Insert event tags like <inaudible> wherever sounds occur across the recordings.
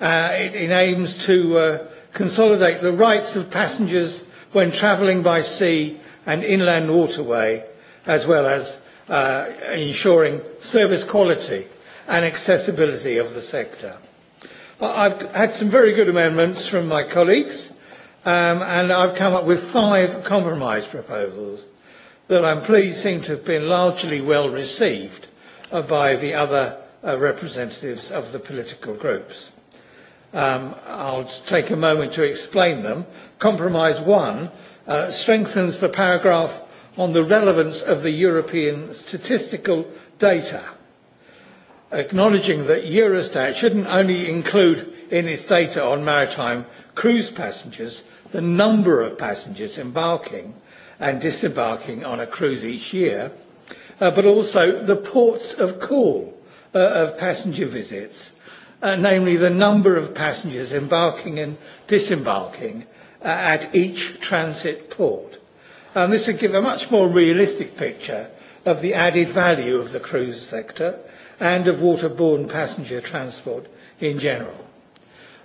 Uh, it, aims to uh, consolidate the rights of passengers when travelling by sea and inland waterway, as well as uh, ensuring service quality and accessibility of the sector. I've had some very good amendments from my colleagues, um, and I've come up with five compromise proposals that I'm pleased seem to have been largely well received by the other uh, representatives of the political groups. Um, I'll take a moment to explain them. Compromise one uh, strengthens the paragraph on the relevance of the European statistical data, acknowledging that Eurostat shouldn't only include in its data on maritime cruise passengers the number of passengers embarking and disembarking on a cruise each year, uh, but also the ports of call uh, of passenger visits uh, namely the number of passengers embarking and disembarking uh, at each transit port. Um, this would give a much more realistic picture of the added value of the cruise sector and of waterborne passenger transport in general.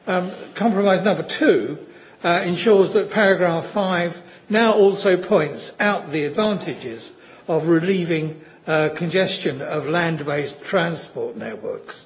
Um, compromise number two uh, ensures that paragraph five now also points out the advantages of relieving uh, congestion of land-based transport networks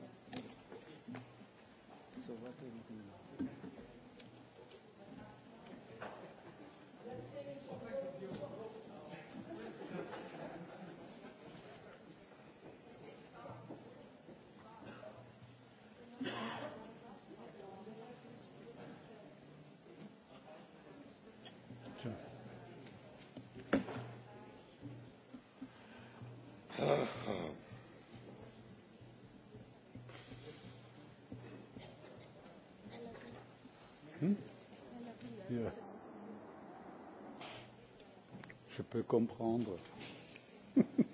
peut comprendre. <laughs>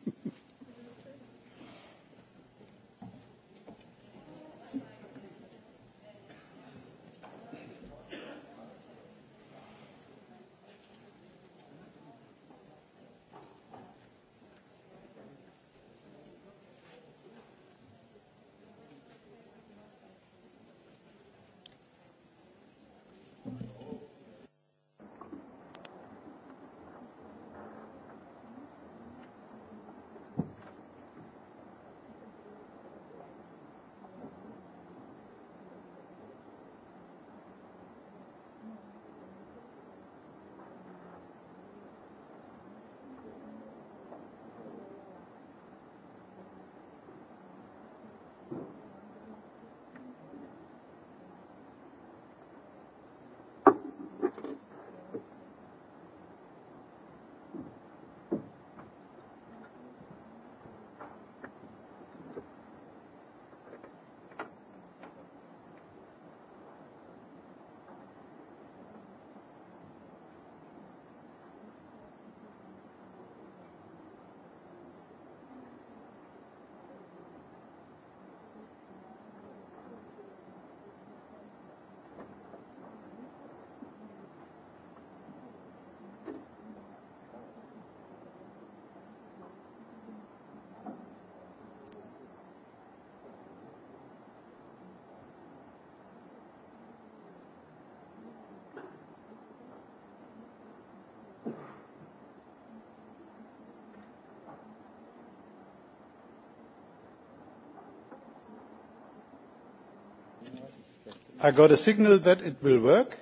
I got a signal that it will work.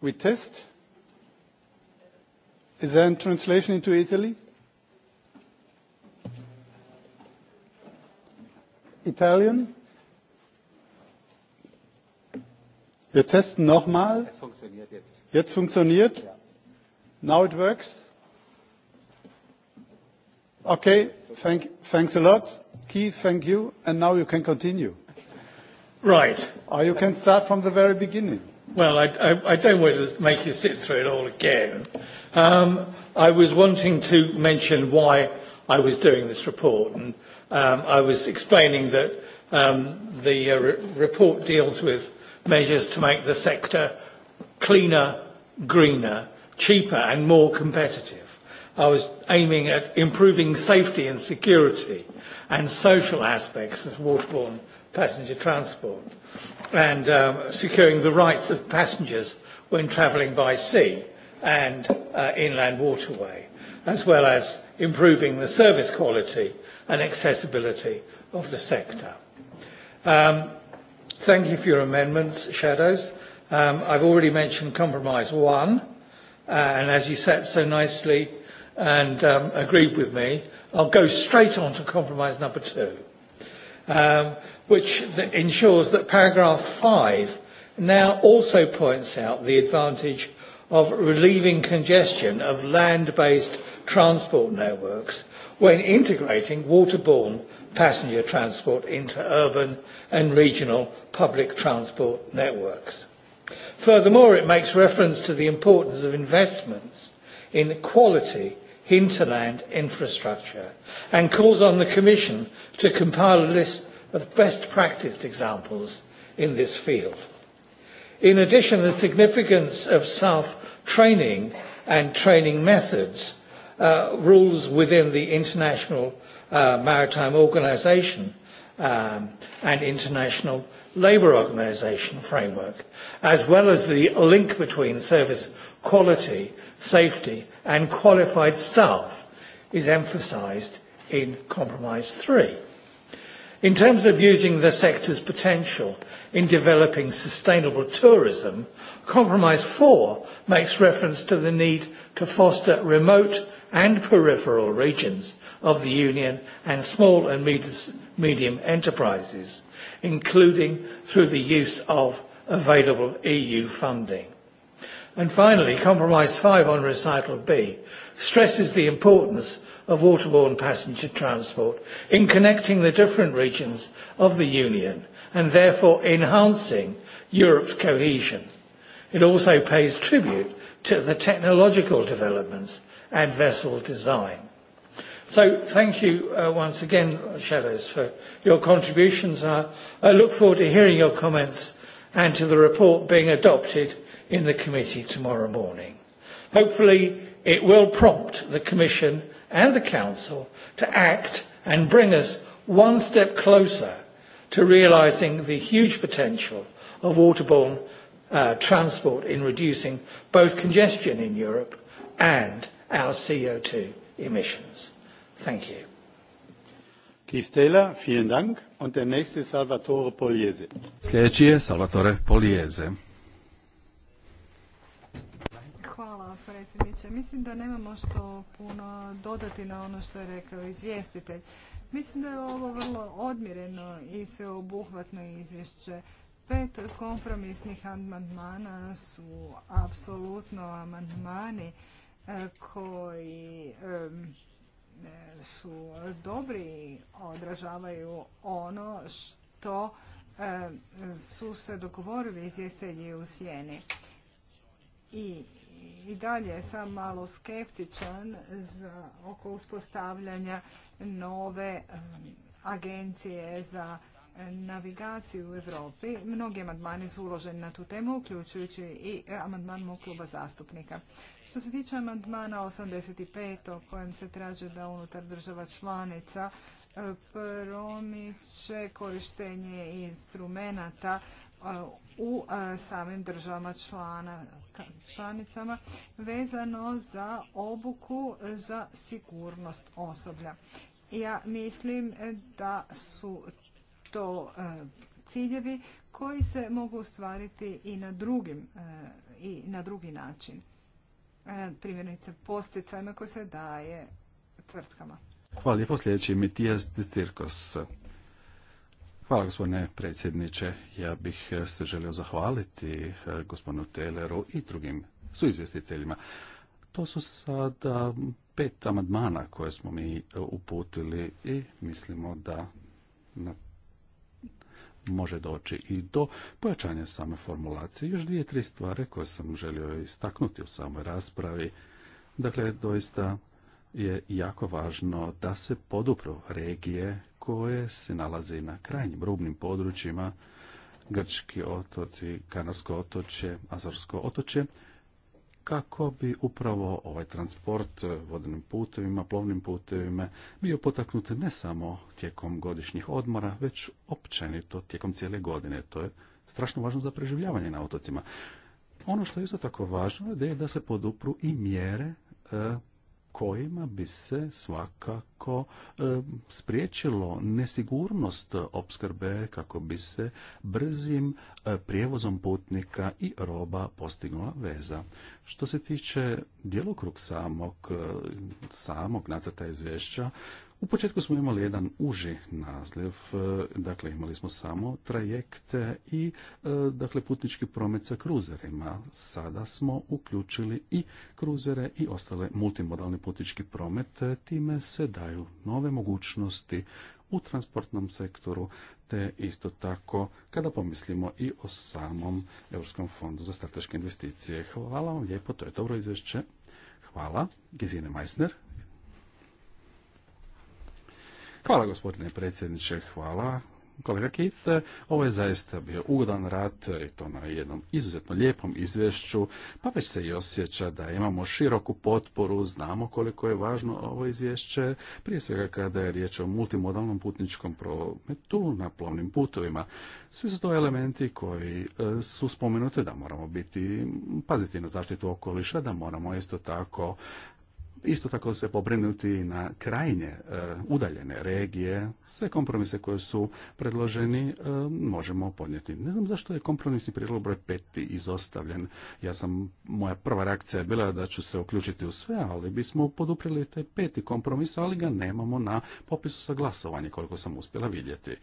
We test. Is there a translation into Italy? Italian? Wir testen nochmal. Es funktioniert jetzt. funktioniert. Now it works. Okay, thank, thanks a lot. Keith, thank you. And now you can continue. Right. Or oh, you can start from the very beginning. Well, I, I, I don't want to make you sit through it all again. Um, I was wanting to mention why I was doing this report, and um, I was explaining that um, the uh, re report deals with measures to make the sector cleaner, greener, cheaper and more competitive. I was aiming at improving safety and security and social aspects of waterborne passenger transport and um, securing the rights of passengers when travelling by sea and uh, inland waterway, as well as improving the service quality and accessibility of the sector. Um, thank you for your amendments, Shadows. Um, I've already mentioned compromise one, uh, and as you sat so nicely and um, agreed with me, I'll go straight on to compromise number two. Um, which ensures that paragraph 5 now also points out the advantage of relieving congestion of land-based transport networks when integrating waterborne passenger transport into urban and regional public transport networks. Furthermore, it makes reference to the importance of investments in quality hinterland infrastructure and calls on the Commission to compile a list of best practice examples in this field. In addition, the significance of self-training and training methods uh, rules within the International uh, Maritime Organization um, and International Labour Organization framework, as well as the link between service quality, safety and qualified staff is emphasised in Compromise 3. In terms of using the sector's potential in developing sustainable tourism, Compromise 4 makes reference to the need to foster remote and peripheral regions of the Union and small and medium enterprises, including through the use of available EU funding. And finally, Compromise 5 on Recital B stresses the importance of waterborne passenger transport in connecting the different regions of the Union and therefore enhancing Europe's cohesion. It also pays tribute to the technological developments and vessel design. So thank you uh, once again, Shadows, for your contributions. Uh, I look forward to hearing your comments and to the report being adopted in the committee tomorrow morning. Hopefully it will prompt the Commission and the Council to act and bring us one step closer to realising the huge potential of waterborne uh, transport in reducing both congestion in Europe and our CO2 emissions. Thank you. Keith Taylor, vielen Dank. Und der nächste Salvatore Poliese. Salvatore Poliese. mislim da nemamo što puno dodati na ono što je rekao izvjestitelj. Mislim da je ovo vrlo odmjereno i sveobuhvatno izvješće. Pet kompromisnih amandmana su apsolutno amandmani e, koji su dobri, odražavaju ono što su se dogovorili izvjestitelji u sjeni. I i dalje sam malo skeptičan oko uspostavljanja nove agencije za navigaciju u Europi. Mnogi amandmani su uloženi na tu temu, uključujući i amandman mog kluba zastupnika. Što se tiče amandmana 85. o kojem se traže da unutar država članica e, promiče korištenje instrumenata u e, samim državama članicama vezano za obuku za sigurnost osoblja. Ja mislim da su to e, ciljevi koji se mogu ostvariti i na, drugim, e, i na drugi način. Primjerice posticajima koje se daje tvrtkama. Hvala lijepo. Sljedeći je Cirkos. Hvala gospodine predsjedniče. Ja bih e, se želio zahvaliti e, gospodinu Teleru i drugim suizvjestiteljima. To su sada pet amandmana koje smo mi e, uputili i mislimo da može doći i do pojačanja same formulacije. Još dvije, tri stvari koje sam želio istaknuti u samoj raspravi. Dakle, doista je jako važno da se podupru regije koje se nalaze na krajnjim rubnim područjima, grčki otoci, kanarsko otočje, azorsko otočje, kako bi upravo ovaj transport vodenim putevima, plovnim putevima bio potaknut ne samo tijekom godišnjih odmora, već općenito tijekom cijele godine. To je strašno važno za preživljavanje na otocima. Ono što je isto tako važno je da se podupru i mjere e, kojima bi se svakako e, spriječilo nesigurnost opskrbe kako bi se brzim e, prijevozom putnika i roba postignula veza. Što se tiče djelokrug samog, e, samog nacrta izvješća, u početku smo imali jedan uži nazljev, e, dakle imali smo samo trajekte i e, dakle putnički promet sa kruzerima. Sada smo uključili i kruzere i ostale multimodalni putnički promet, e, time se daju nove mogućnosti u transportnom sektoru, te isto tako kada pomislimo i o samom Europskom fondu za strateške investicije. Hvala vam lijepo, to je dobro izvješće. Hvala. Gizine Meissner, Hvala gospodine predsjedniče, hvala kolega Kit. ovo je zaista bio ugodan rad i to na jednom izuzetno lijepom izvješću, pa već se i osjeća da imamo široku potporu, znamo koliko je važno ovo izvješće, prije svega kada je riječ o multimodalnom putničkom prometu na plovnim putovima. Svi su to elementi koji e, su spomenuti da moramo biti, paziti na zaštitu okoliša, da moramo isto tako Isto tako se pobrinuti na krajnje eh, udaljene regije, sve kompromise koje su predloženi eh, možemo podnijeti. Ne znam zašto je kompromisni prijedlog broj peti izostavljen. Ja sam, moja prva reakcija je bila da ću se uključiti u sve, ali bismo poduprili taj peti kompromis, ali ga nemamo na popisu sa glasovanje koliko sam uspjela vidjeti.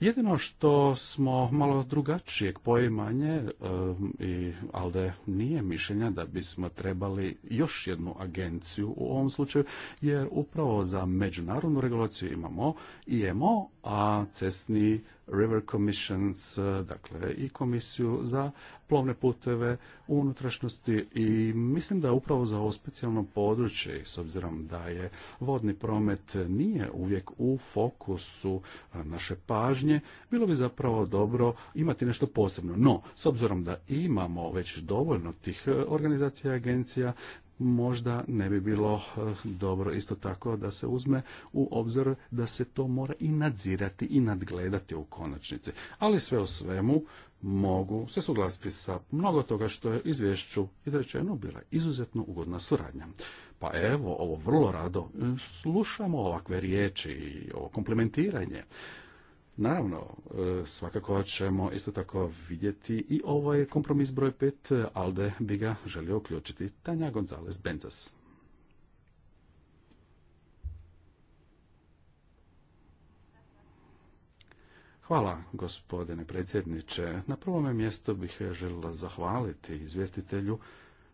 Jedino što smo malo drugačijeg poimanje e, i da nije mišljenja da bismo trebali još jednu agenciju u ovom slučaju, jer upravo za međunarodnu regulaciju imamo IMO, a cestni River Commissions, e, dakle i komisiju za plovne puteve u unutrašnjosti i mislim da upravo za ovo specijalno područje, s obzirom da je vodni promet nije uvijek u fokusu e, naše pažnje, bilo bi zapravo dobro imati nešto posebno. No, s obzirom da imamo već dovoljno tih e, organizacija i agencija, možda ne bi bilo eh, dobro isto tako da se uzme u obzir da se to mora i nadzirati i nadgledati u konačnici. Ali sve o svemu mogu se suglasiti sa mnogo toga što je izvješću izrečeno bila izuzetno ugodna suradnja. Pa evo, ovo vrlo rado eh, slušamo ovakve riječi i ovo komplementiranje. Naravno, e, svakako ćemo isto tako vidjeti i ovaj kompromis broj 5, e, Alde bi ga želio uključiti. Tanja Gonzalez Benzas. Hvala, gospodine predsjedniče. Na prvome mjestu bih željela zahvaliti izvjestitelju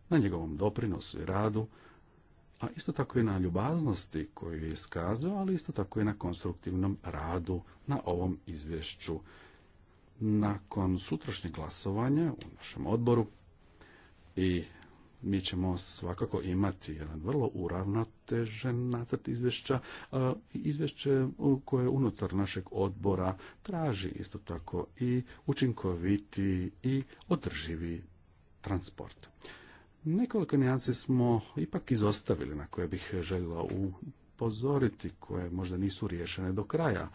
na njegovom doprinosu i radu, a isto tako i na ljubaznosti koju je iskazao, ali isto tako i na konstruktivnom radu na ovom izvješću. Nakon sutrašnjeg glasovanja u našem odboru i mi ćemo svakako imati jedan vrlo uravnotežen nacrt izvješća, izvješće koje unutar našeg odbora traži isto tako i učinkoviti i održivi transport. Nekoliko nijansi smo ipak izostavili na koje bih željela upozoriti, koje možda nisu riješene do kraja.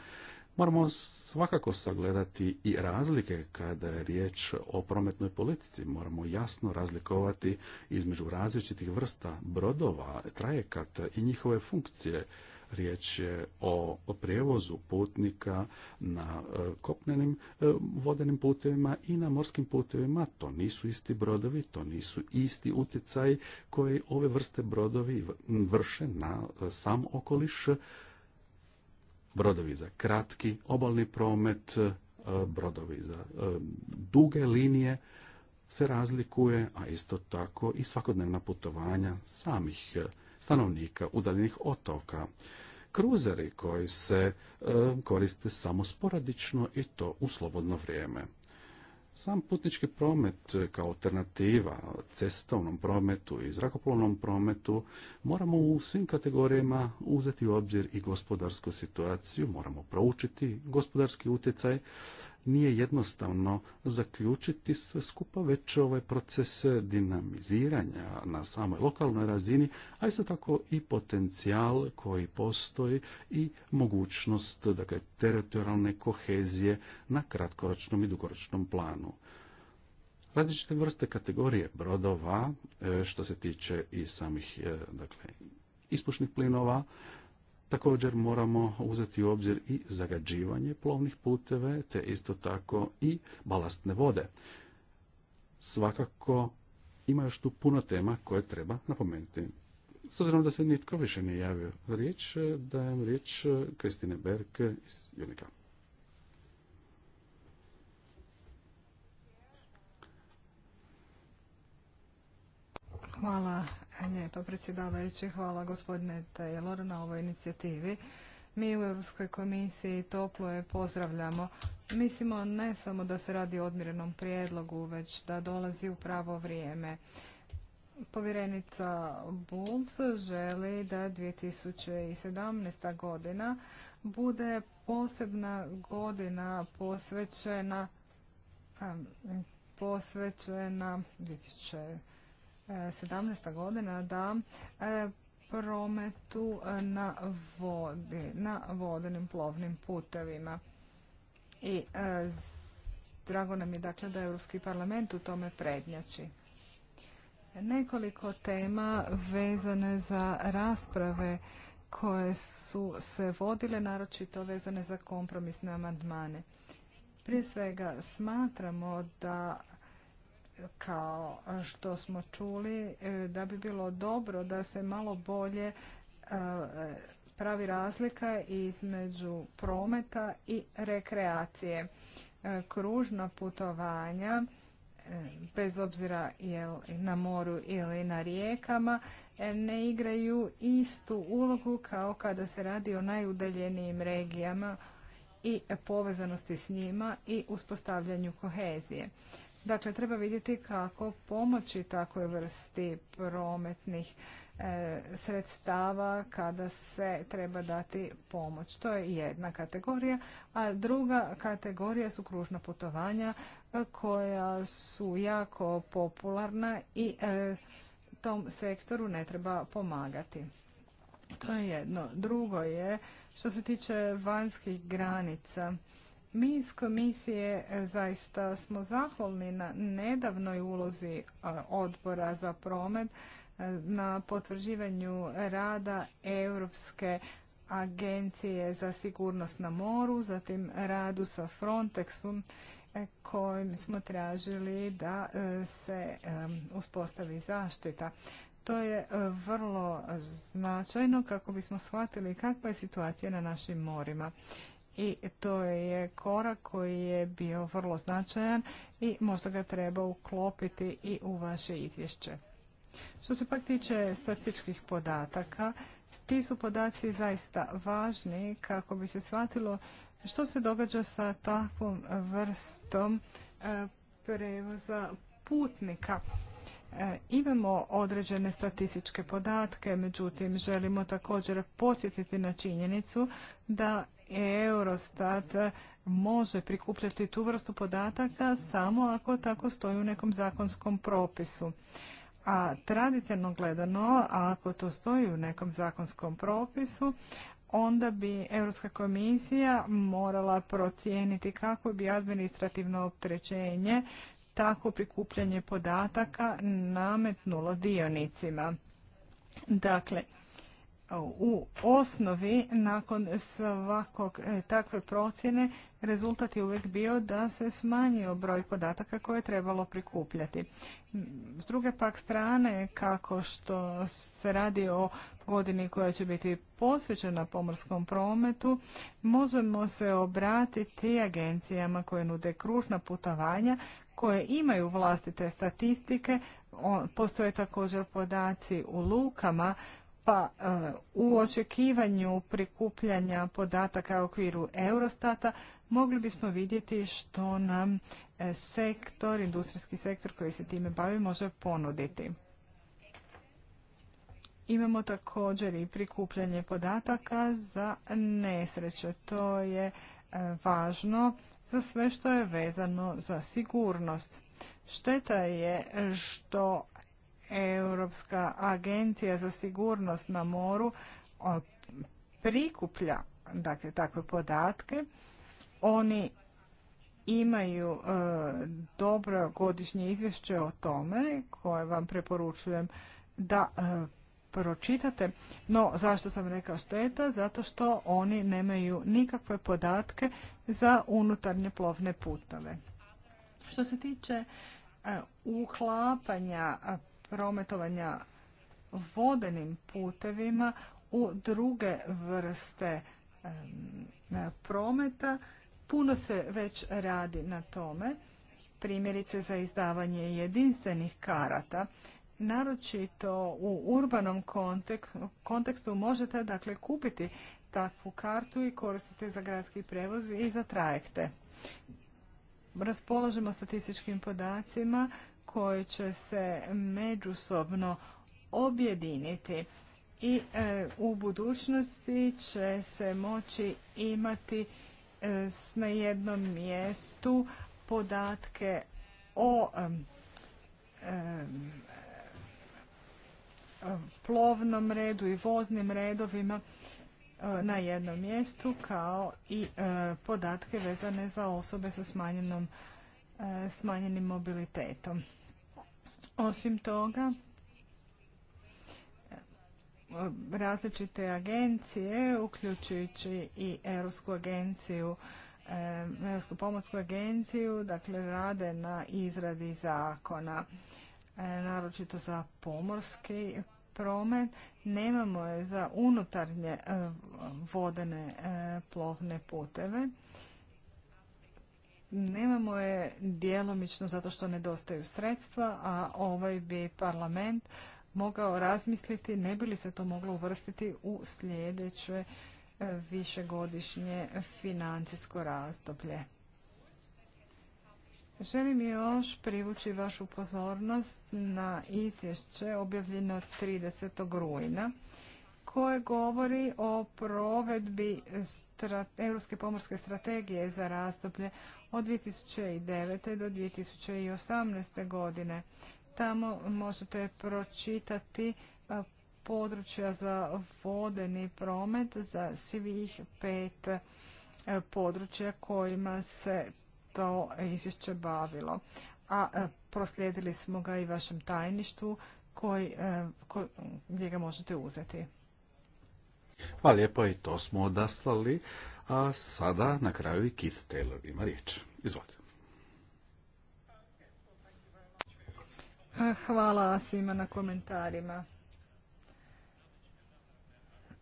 Moramo svakako sagledati i razlike kada je riječ o prometnoj politici. Moramo jasno razlikovati između različitih vrsta brodova, trajekata i njihove funkcije. Riječ je o prijevozu putnika na e, kopnenim e, vodenim putevima i na morskim putevima. To nisu isti brodovi, to nisu isti utjecaj koji ove vrste brodovi vrše na e, sam okoliš. Brodovi za kratki obalni promet, brodovi za duge linije se razlikuje, a isto tako i svakodnevna putovanja samih stanovnika udaljenih otoka kruzeri koji se e, koriste samo sporadično i to u slobodno vrijeme. Sam putnički promet kao alternativa cestovnom prometu i zrakoplovnom prometu moramo u svim kategorijama uzeti u obzir i gospodarsku situaciju, moramo proučiti gospodarski utjecaj nije jednostavno zaključiti sve skupa, već ove proces dinamiziranja na samoj lokalnoj razini, a isto tako i potencijal koji postoji i mogućnost dakle, teritorijalne kohezije na kratkoročnom i dugoročnom planu različite vrste kategorije brodova e, što se tiče i samih e, dakle ispušnih plinova Također moramo uzeti u obzir i zagađivanje plovnih puteve, te isto tako i balastne vode. Svakako ima još tu puno tema koje treba napomenuti. S obzirom da se nitko više nije javio riječ, e, dajem riječ e, Kristine Berke iz Junika. Hvala lijepa predsjedavajući. Hvala gospodine Taylor na ovoj inicijativi. Mi u Europskoj komisiji toplo je pozdravljamo. Mislimo ne samo da se radi o odmirenom prijedlogu, već da dolazi u pravo vrijeme. Povjerenica Bulls želi da 2017. godina bude posebna godina posvećena posvećena 2000 2017. godina da e, prometu e, na vodi, na vodenim plovnim putevima. I e, drago nam je dakle da Europski parlament u tome prednjači. Nekoliko tema vezane za rasprave koje su se vodile, naročito vezane za kompromisne amandmane. Prije svega smatramo da kao što smo čuli, e, da bi bilo dobro da se malo bolje e, pravi razlika između prometa i rekreacije. E, kružna putovanja, bez obzira na moru ili na rijekama, ne igraju istu ulogu kao kada se radi o najudaljenijim regijama i povezanosti s njima i uspostavljanju kohezije. Dakle, treba vidjeti kako pomoći takvoj vrsti prometnih e, sredstava kada se treba dati pomoć. To je jedna kategorija, a druga kategorija su kružna putovanja e, koja su jako popularna i e, tom sektoru ne treba pomagati. To je jedno. Drugo je što se tiče vanjskih granica. Mi iz komisije e, zaista smo zahvalni na nedavnoj ulozi e, odbora za promet e, na potvrđivanju rada Europske agencije za sigurnost na moru, zatim radu sa Frontexom kojim smo tražili da se uspostavi zaštita. To je vrlo značajno kako bismo shvatili kakva je situacija na našim morima i to je korak koji je bio vrlo značajan i možda ga treba uklopiti i u vaše izvješće. Što se pak tiče statističkih podataka, ti su podaci zaista važni kako bi se shvatilo što se događa sa takvom vrstom e, prevoza putnika. E, imamo određene statističke podatke, međutim želimo također posjetiti na činjenicu da Eurostat može prikupljati tu vrstu podataka samo ako tako stoji u nekom zakonskom propisu. A tradicionalno gledano, ako to stoji u nekom zakonskom propisu, onda bi Europska komisija morala procijeniti kako bi administrativno opterećenje tako prikupljanje podataka nametnulo dionicima. Dakle, u osnovi nakon svakog e, takve procjene rezultat je uvijek bio da se smanjio broj podataka koje je trebalo prikupljati. S druge pak strane, kako što se radi o godini koja će biti posvećena pomorskom prometu, možemo se obratiti agencijama koje nude kružna putovanja, koje imaju vlastite statistike, postoje također podaci u lukama, pa e, u očekivanju prikupljanja podataka u okviru Eurostata mogli bismo vidjeti što nam e, sektor, industrijski sektor koji se time bavi može ponuditi. Imamo također i prikupljanje podataka za nesreće. To je e, važno za sve što je vezano za sigurnost. Šteta je što Europska agencija za sigurnost na moru prikuplja dakle, takve podatke. Oni imaju e, dobro godišnje izvješće o tome koje vam preporučujem da e, pročitate. No, zašto sam rekao šteta? Zato što oni nemaju nikakve podatke za unutarnje plovne putove. Što se tiče uhlapanja... E, uklapanja prometovanja vodenim putevima u druge vrste prometa. Puno se već radi na tome, primjerice za izdavanje jedinstvenih karata. Naročito u urbanom kontekstu možete dakle kupiti takvu kartu i koristiti za gradski prevoz i za trajekte. Raspolažemo statističkim podacima koji će se međusobno objediniti i e, u budućnosti će se moći imati e, na jednom mjestu podatke o e, plovnom redu i voznim redovima e, na jednom mjestu kao i e, podatke vezane za osobe sa smanjenim mobilitetom. Osim toga, različite agencije, uključujući i Europsku agenciju, Europsku pomorsku agenciju, dakle rade na izradi zakona, e, naročito za pomorski promet. Nemamo je za unutarnje e, vodene e, plovne puteve nemamo je djelomično zato što nedostaju sredstva, a ovaj bi parlament mogao razmisliti ne bi li se to moglo uvrstiti u sljedeće e, višegodišnje financijsko razdoblje. Želim još privući vašu pozornost na izvješće objavljeno 30. rujna koje govori o provedbi Europske pomorske strategije za razdoblje od 2009. do 2018. godine. Tamo možete pročitati područja za vodeni promet za svih pet područja kojima se to izvješće bavilo. A proslijedili smo ga i vašem tajništvu koji, gdje ga možete uzeti. Hvala lijepo i to smo odaslali. A sada na kraju i Keith Taylor ima riječ. Izvolite. Hvala svima na komentarima.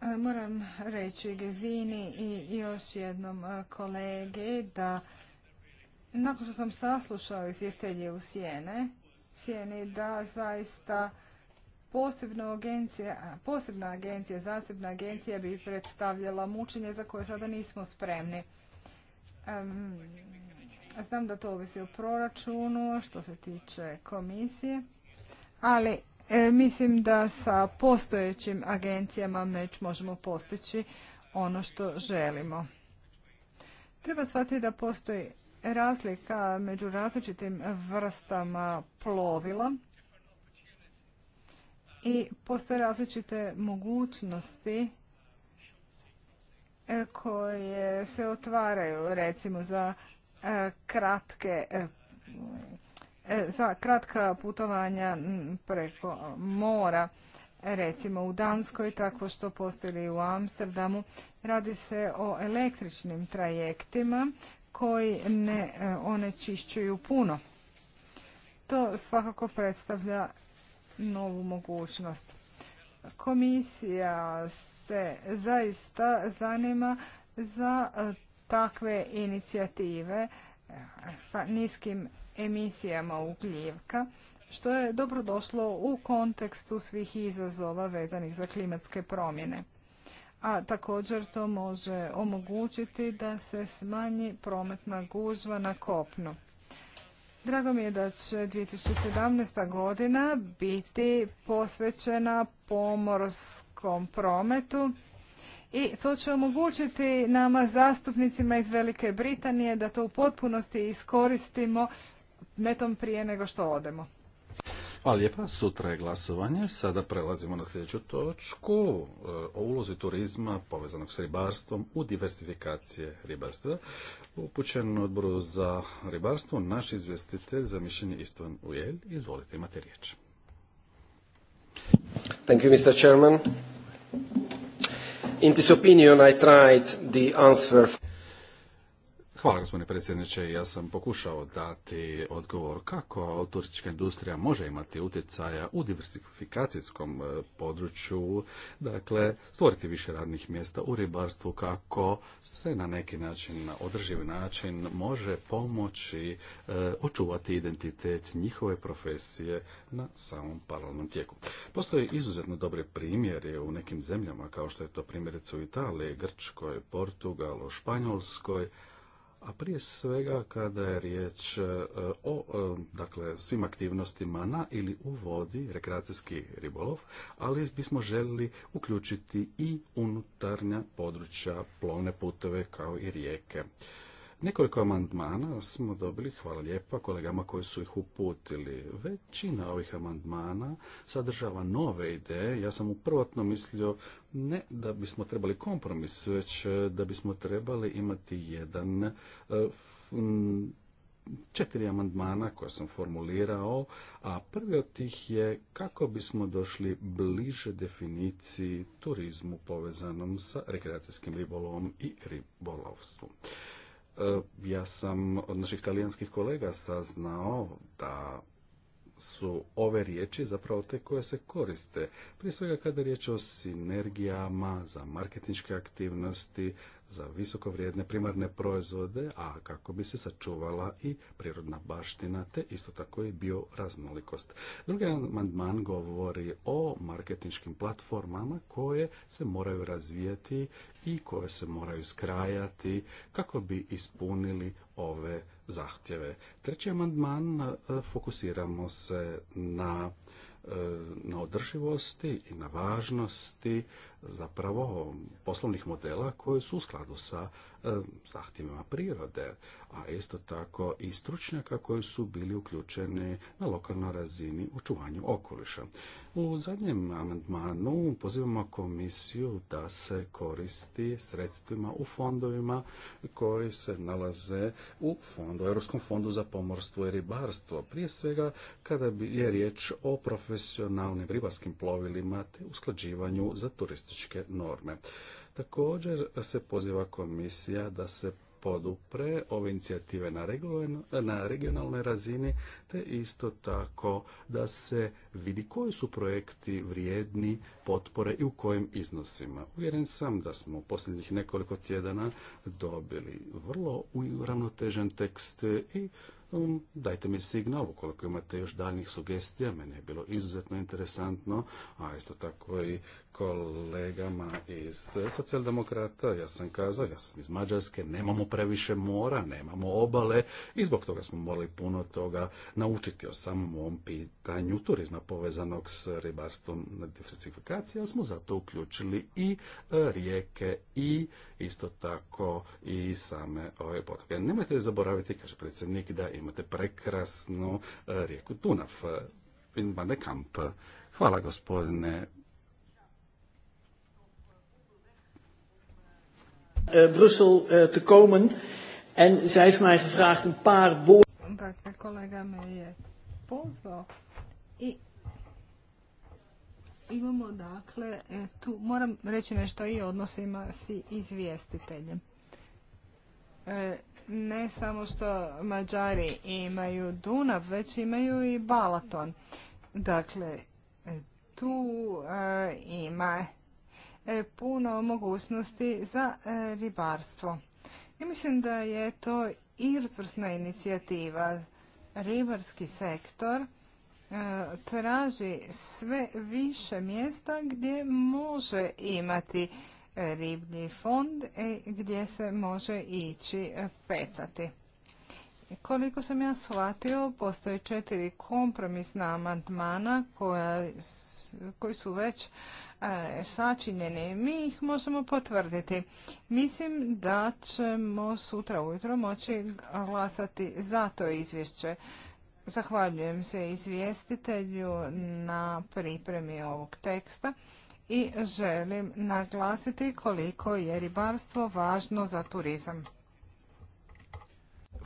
Moram reći Gezini i još jednom kolege da nakon što sam saslušao izvjestelje u Sjene, Sjeni da zaista Posebna agencija, posebna zasebna agencija bi predstavljala mučenje za koje sada nismo spremni. znam da to ovisi o proračunu što se tiče komisije, ali e, mislim da sa postojećim agencijama već možemo postići ono što želimo. Treba shvatiti da postoji razlika među različitim vrstama plovila i postoje različite mogućnosti e, koje se otvaraju recimo za e, kratke e, za kratka putovanja preko mora recimo u Danskoj tako što postoji u Amsterdamu radi se o električnim trajektima koji ne onečišćuju puno to svakako predstavlja novu mogućnost. Komisija se zaista zanima za e, takve inicijative e, sa niskim emisijama ugljivka, što je dobro došlo u kontekstu svih izazova vezanih za klimatske promjene. A također to može omogućiti da se smanji prometna gužva na kopnu. Drago mi je da će 2017. godina biti posvećena pomorskom prometu i to će omogućiti nama zastupnicima iz Velike Britanije da to u potpunosti iskoristimo netom prije nego što odemo. Hvala lijepa, sutra je glasovanje. Sada prelazimo na sljedeću točku e, o ulozi turizma povezanog s ribarstvom u diversifikacije ribarstva. Upućen odboru za ribarstvo, naš izvjestitelj za mišljenje Istvan Ujelj. Izvolite, imate riječ. Thank you, Mr. Chairman. In this opinion, I tried the answer... Hvala gospodine predsjedniče. Ja sam pokušao dati odgovor kako turistička industrija može imati utjecaja u diversifikacijskom e, području, dakle stvoriti više radnih mjesta u ribarstvu kako se na neki način, na održivi način može pomoći e, očuvati identitet njihove profesije na samom paralelnom tijeku. Postoje izuzetno dobre primjeri u nekim zemljama kao što je to primjerice u Italiji, Grčkoj, Portugalu, Španjolskoj, a prije svega kada je riječ e, o e, dakle, svim aktivnostima na ili u vodi, rekreacijski ribolov, ali bismo željeli uključiti i unutarnja područja, plovne putove kao i rijeke. Nekoliko amandmana smo dobili, hvala lijepa kolegama koji su ih uputili. Većina ovih amandmana sadržava nove ideje. Ja sam u prvotno mislio ne da bismo trebali kompromis, već e, da bismo trebali imati jedan e, četiri amandmana koje sam formulirao, a prvi od tih je kako bismo došli bliže definiciji turizmu povezanom sa rekreacijskim ribolovom i ribolovstvom. E, ja sam od naših talijanskih kolega saznao da su ove riječi zapravo te koje se koriste. Prije svega kada je riječ o sinergijama za marketinške aktivnosti, za visoko vrijedne primarne proizvode, a kako bi se sačuvala i prirodna baština, te isto tako i bioraznolikost. Drugi amandman govori o marketinškim platformama koje se moraju razvijati i koje se moraju skrajati kako bi ispunili ove zahtjeve. Treći amandman e, fokusiramo se na e, na održivosti i na važnosti zapravo poslovnih modela koji su u skladu sa e, zahtjevima prirode, a isto tako i stručnjaka koji su bili uključeni na lokalnoj razini u čuvanju okoliša. U zadnjem amandmanu pozivamo komisiju da se koristi sredstvima u fondovima koji se nalaze u fondu, Europskom fondu za pomorstvo i ribarstvo. Prije svega kada je riječ o profesionalnim ribarskim plovilima te usklađivanju za turisti statističke norme. Također se poziva komisija da se podupre ove inicijative na regionalnoj razini, te isto tako da se vidi koji su projekti vrijedni potpore i u kojim iznosima. Uvjeren sam da smo u posljednjih nekoliko tjedana dobili vrlo uravnotežen tekst i um, dajte mi signal ukoliko imate još daljnjih sugestija. Meni je bilo izuzetno interesantno, a isto tako i kolegama iz socijaldemokrata, ja sam kazao, ja sam iz Mađarske, nemamo previše mora, nemamo obale i zbog toga smo morali puno toga naučiti o samom ovom pitanju turizma povezanog s ribarstvom na diversifikaciji, smo zato uključili i e, rijeke i isto tako i same ove potoke. Nemojte zaboraviti, kaže predsjednik, da imate prekrasnu e, rijeku Dunav, e, Vindbande Kamp. Hvala gospodine Eh, Brussel eh, te komen. En zij heeft mij gevraagd een paar woorden. Dakle, kolega me je pozvao i imamo dakle, eh, tu moram reći nešto i o odnosima s izvjestiteljem. Ne samo što Mađari imaju Dunav, već imaju i Balaton. Dakle, tu ima E, puno mogućnosti za e, ribarstvo. I mislim da je to izvrsna inicijativa. Ribarski sektor e, traži sve više mjesta gdje može imati riblji fond i gdje se može ići pecati. Koliko sam ja shvatio, postoje četiri kompromisna amandmana koji su već e, sačinjeni. Mi ih možemo potvrditi. Mislim da ćemo sutra ujutro moći glasati za to izvješće. Zahvaljujem se izvjestitelju na pripremi ovog teksta i želim naglasiti koliko je ribarstvo važno za turizam.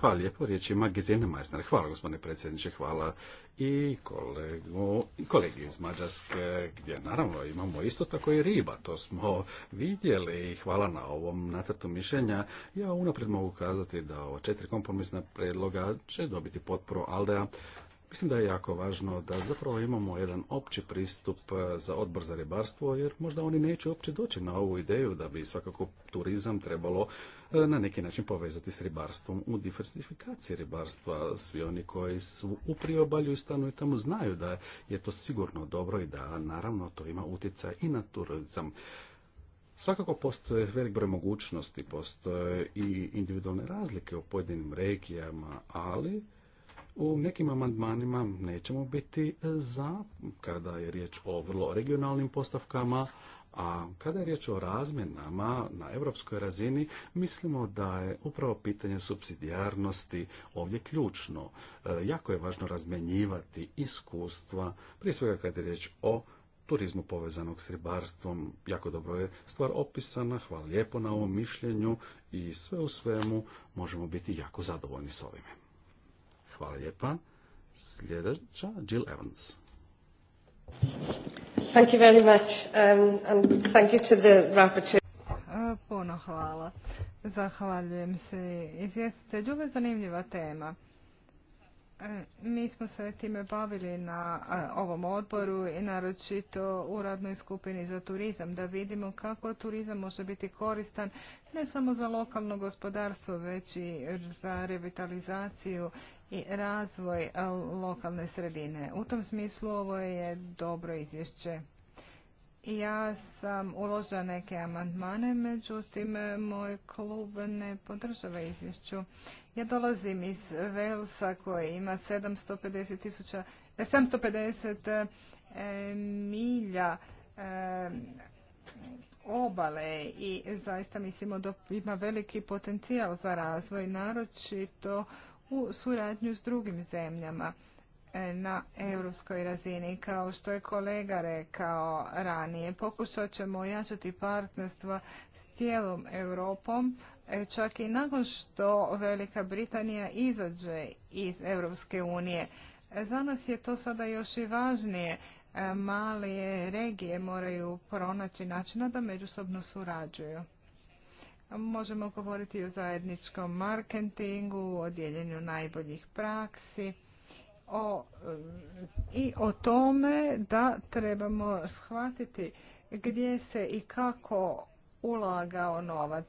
Hvala lijepo, riječ ima Gizine Majsner. Hvala gospodine predsjedniče, hvala i kolegi iz Mađarske, gdje naravno imamo isto tako i riba, to smo vidjeli i hvala na ovom nacrtu mišljenja. Ja unaprijed mogu kazati da ova četiri kompromisna predloga će dobiti potporu Aldea, Mislim da je jako važno da zapravo imamo jedan opći pristup e, za odbor za ribarstvo, jer možda oni neće uopće doći na ovu ideju da bi svakako turizam trebalo E, na neki način povezati s ribarstvom u diversifikaciji ribarstva. Svi oni koji su u priobalju i i tamo znaju da je to sigurno dobro i da naravno to ima utjecaj i na turizam. Svakako postoje velik broj mogućnosti, postoje i individualne razlike u pojedinim regijama, ali u nekim amandmanima nećemo biti za, kada je riječ o vrlo regionalnim postavkama, a kada je riječ o razmjenama na europskoj razini, mislimo da je upravo pitanje subsidijarnosti ovdje ključno. E, jako je važno razmjenjivati iskustva, prije svega kada je riječ o turizmu povezanog s ribarstvom. Jako dobro je stvar opisana, hvala lijepo na ovom mišljenju i sve u svemu možemo biti jako zadovoljni s ovime. Hvala lijepa. Sljedeća, Jill Evans. Thank you very much. Um, and thank you to the Puno hvala. Zahvaljujem se izvjestitelju. Ovo je zanimljiva tema. E, mi smo se time bavili na ovom odboru i naročito u radnoj skupini za turizam, da vidimo kako turizam može biti koristan ne samo za lokalno gospodarstvo, već i za revitalizaciju i razvoj e, lokalne sredine. U tom smislu ovo je dobro izvješće. Ja sam uložila neke amandmane, međutim, e, moj klub ne podržava izvješću. Ja dolazim iz Velsa koji ima 750, 750 e, milja obale i zaista mislimo da ima veliki potencijal za razvoj, naročito u suradnju s drugim zemljama e, na europskoj razini. Kao što je kolega rekao ranije, pokušat ćemo ojačati partnerstva s cijelom Europom, e, čak i nakon što Velika Britanija izađe iz Europske unije. E, za nas je to sada još i važnije. Male regije moraju pronaći načina da međusobno surađuju. Možemo govoriti o zajedničkom marketingu, o dijeljenju najboljih praksi o, e, i o tome da trebamo shvatiti gdje se i kako ulagao novac.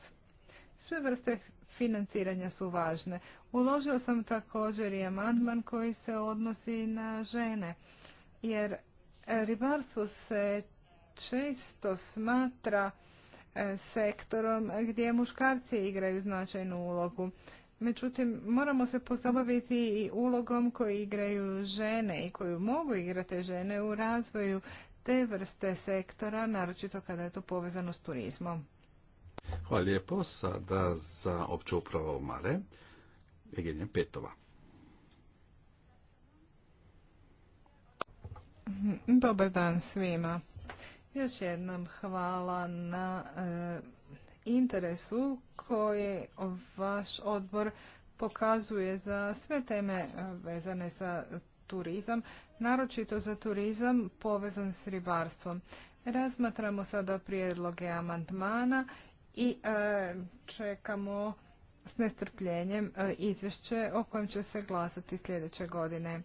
Sve vrste financiranja su važne. Uložio sam također i amandman koji se odnosi na žene, jer ribarstvo se često smatra sektorom gdje muškarci igraju značajnu ulogu. Međutim, moramo se pozabaviti i ulogom koju igraju žene i koju mogu igrati žene u razvoju te vrste sektora, naročito kada je to povezano s turizmom. Hvala lijepo. Sada za opću upravo Mare, Petova. Dobar dan svima. Još jednom hvala na e, interesu koji vaš odbor pokazuje za sve teme e, vezane za turizam, naročito za turizam povezan s ribarstvom. Razmatramo sada prijedloge amandmana i e, čekamo s nestrpljenjem izvješće o kojem će se glasati sljedeće godine.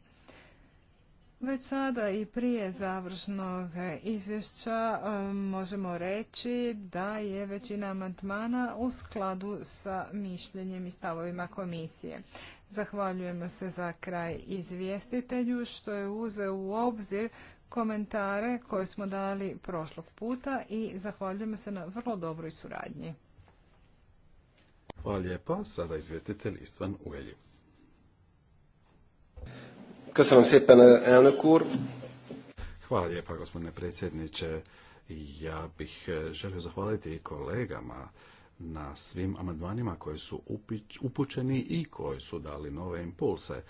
Već sada i prije završnog izvješća e, možemo reći da je većina amandmana u skladu sa mišljenjem i stavovima komisije. Zahvaljujemo se za kraj izvjestitelju što je uzeo u obzir komentare koje smo dali prošlog puta i zahvaljujemo se na vrlo dobroj suradnji. Hvala lijepo. Sada izvjestitelj Istvan Hvala lijepa, gospodine predsjedniče. Ja bih e, želio zahvaliti kolegama na svim amandmanima koji su upućeni i koji su dali nove impulse. E,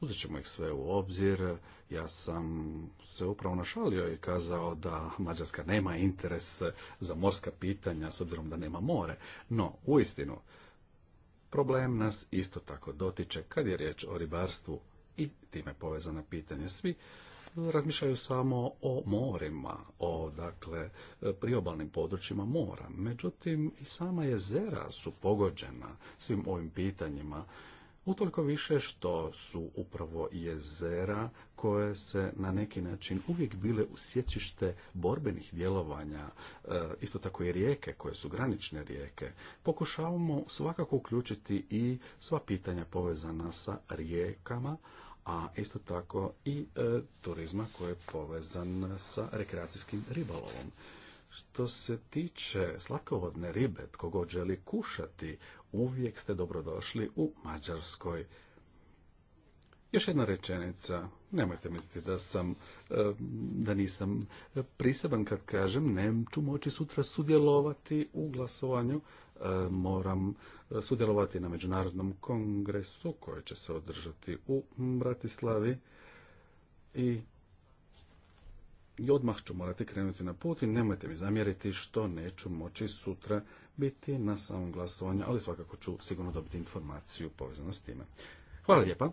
uzet ćemo ih sve u obzir. Ja sam se upravo našalio i kazao da Mađarska nema interes za morska pitanja s obzirom da nema more. No, uistinu, problem nas isto tako dotiče kad je riječ o ribarstvu, i time povezana pitanja. Svi razmišljaju samo o morima, o dakle priobalnim područjima mora. Međutim, i sama jezera su pogođena svim ovim pitanjima. Utoliko više što su upravo jezera koje se na neki način uvijek bile u sjecište borbenih djelovanja, e, isto tako i rijeke koje su granične rijeke, pokušavamo svakako uključiti i sva pitanja povezana sa rijekama, a isto tako i e, turizma koji je povezan sa rekreacijskim ribolovom. Što se tiče slatkovodne ribe, tko god želi kušati, uvijek ste dobrodošli u Mađarskoj. Još jedna rečenica, nemojte misliti da sam, e, da nisam priseban kad kažem, nem ću moći sutra sudjelovati u glasovanju E, moram e, sudjelovati na Međunarodnom kongresu koji će se održati u Bratislavi i i odmah ću morati krenuti na put i nemojte mi zamjeriti što neću moći sutra biti na samom glasovanju, ali svakako ću sigurno dobiti informaciju povezano s time. Hvala lijepa.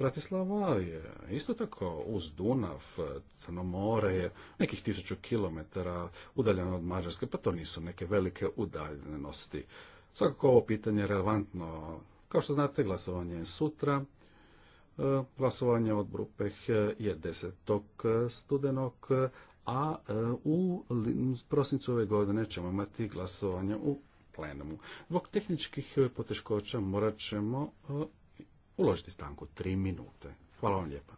Bratislava je isto tako uz Dunav, Crno more je nekih tisuću kilometara udaljeno od Mađarske, pa to nisu neke velike udaljenosti. Svakako ovo pitanje je relevantno. Kao što znate, glasovanje je sutra. E, glasovanje od Brupeh je 10. studenog, a e, u prosincu ove godine ćemo imati glasovanje u plenumu. Zbog tehničkih poteškoća morat ćemo e, uložiti stanku 3 minute. Hvala vam lijepa.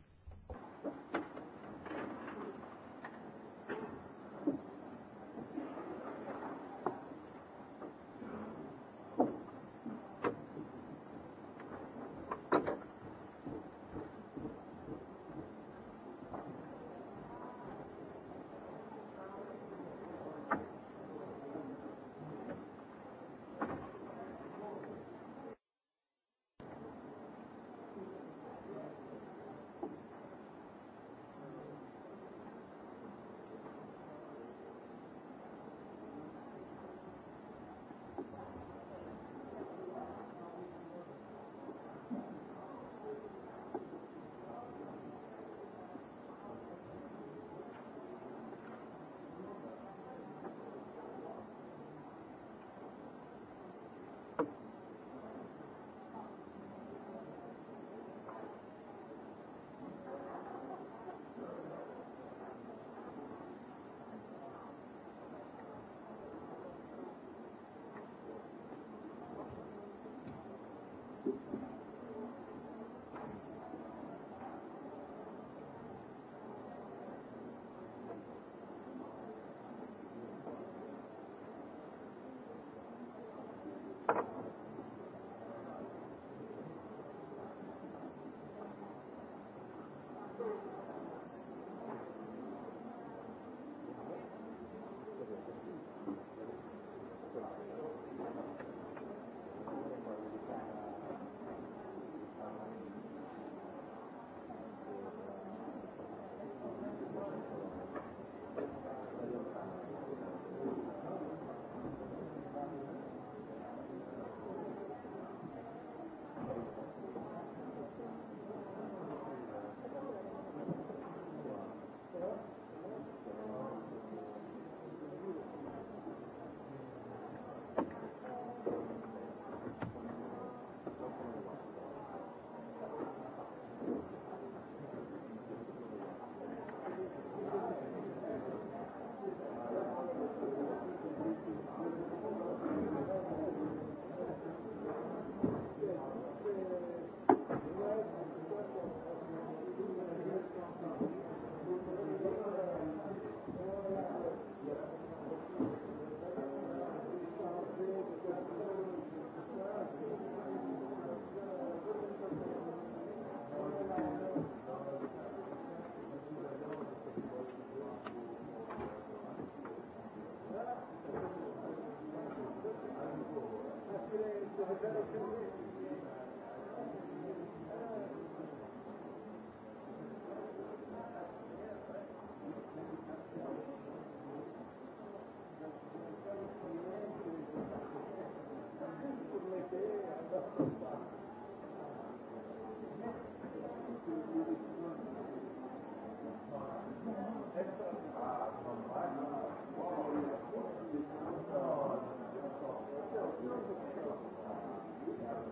Hvala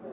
Yeah.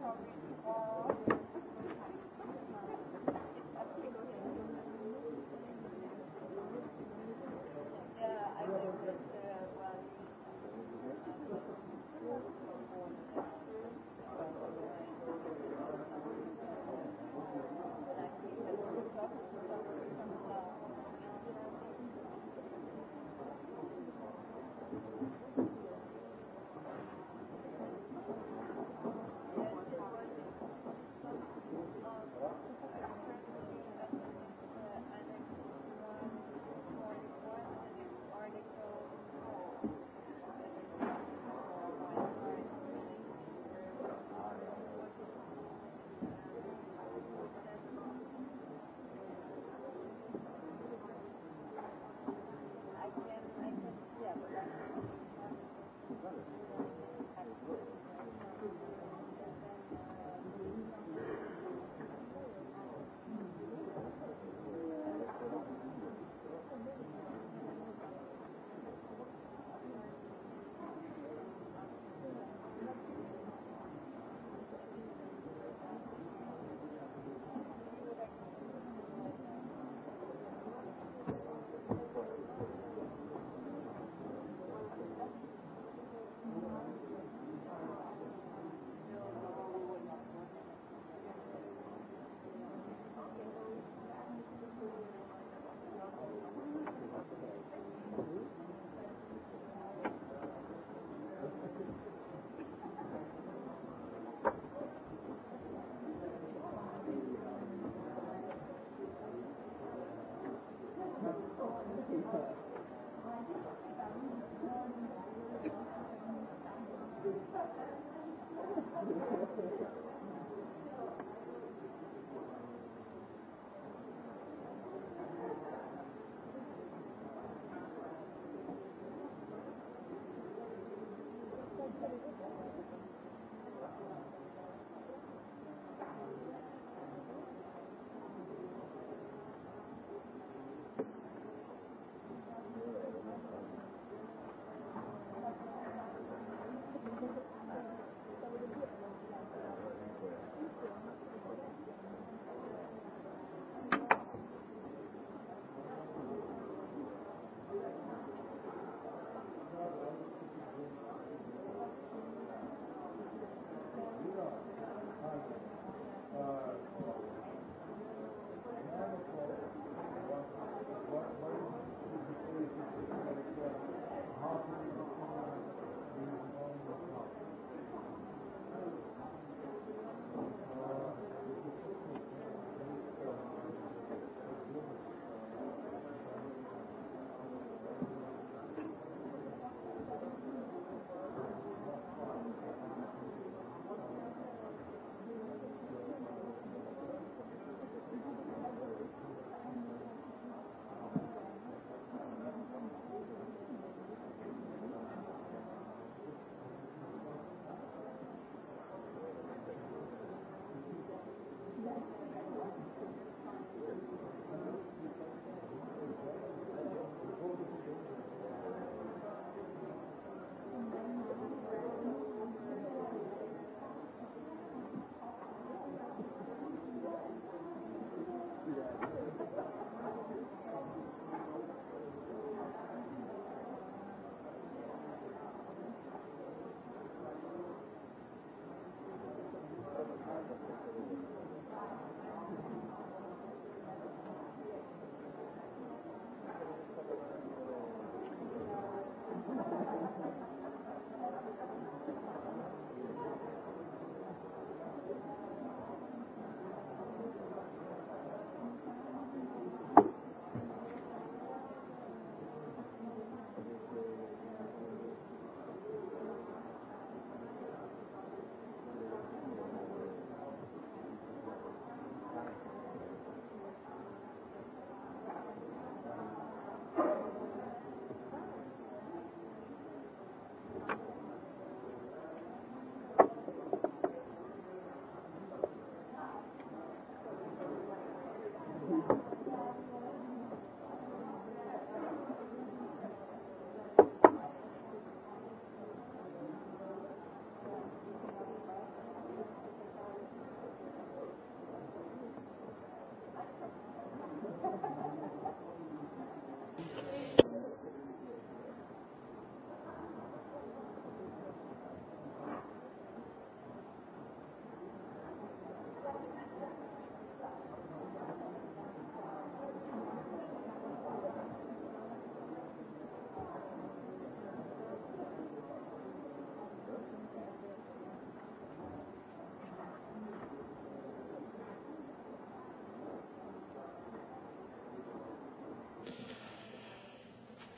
dobro Hvala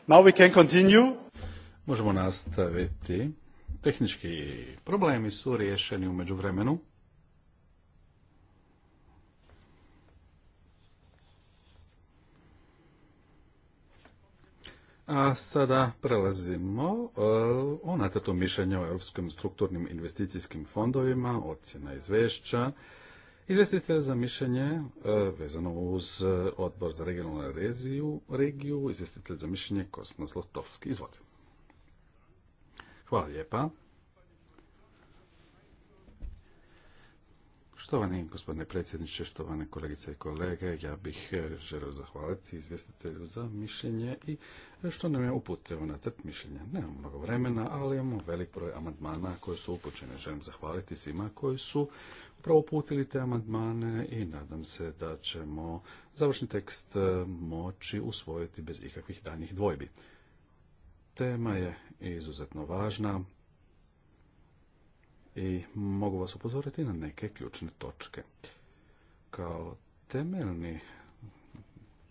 Now we can continue. Možemo nastaviti. Tehnički problemi su riješeni u međuvremenu. A sada prelazimo eh, o nacrtu mišljenja o europskim strukturnim investicijskim fondovima, ocjena izvješća. Izvjestitelj za mišljenje e, vezano uz e, odbor za regionalnu reziju, regiju, izvjestitelj za mišljenje Kosmo Zlotovski. Izvolite. Hvala lijepa. Štovani gospodine predsjedniče, štovane kolegice i kolege, ja bih e, želio zahvaliti izvjestitelju za mišljenje i što nam je uputio na crt mišljenja. Nemamo mnogo vremena, ali imamo velik broj amandmana koji su upućeni. Želim zahvaliti svima koji su upravo uputili te amandmane i nadam se da ćemo završni tekst e, moći usvojiti bez ikakvih daljnjih dvojbi. Tema je izuzetno važna i mogu vas upozoriti na neke ključne točke. Kao temeljni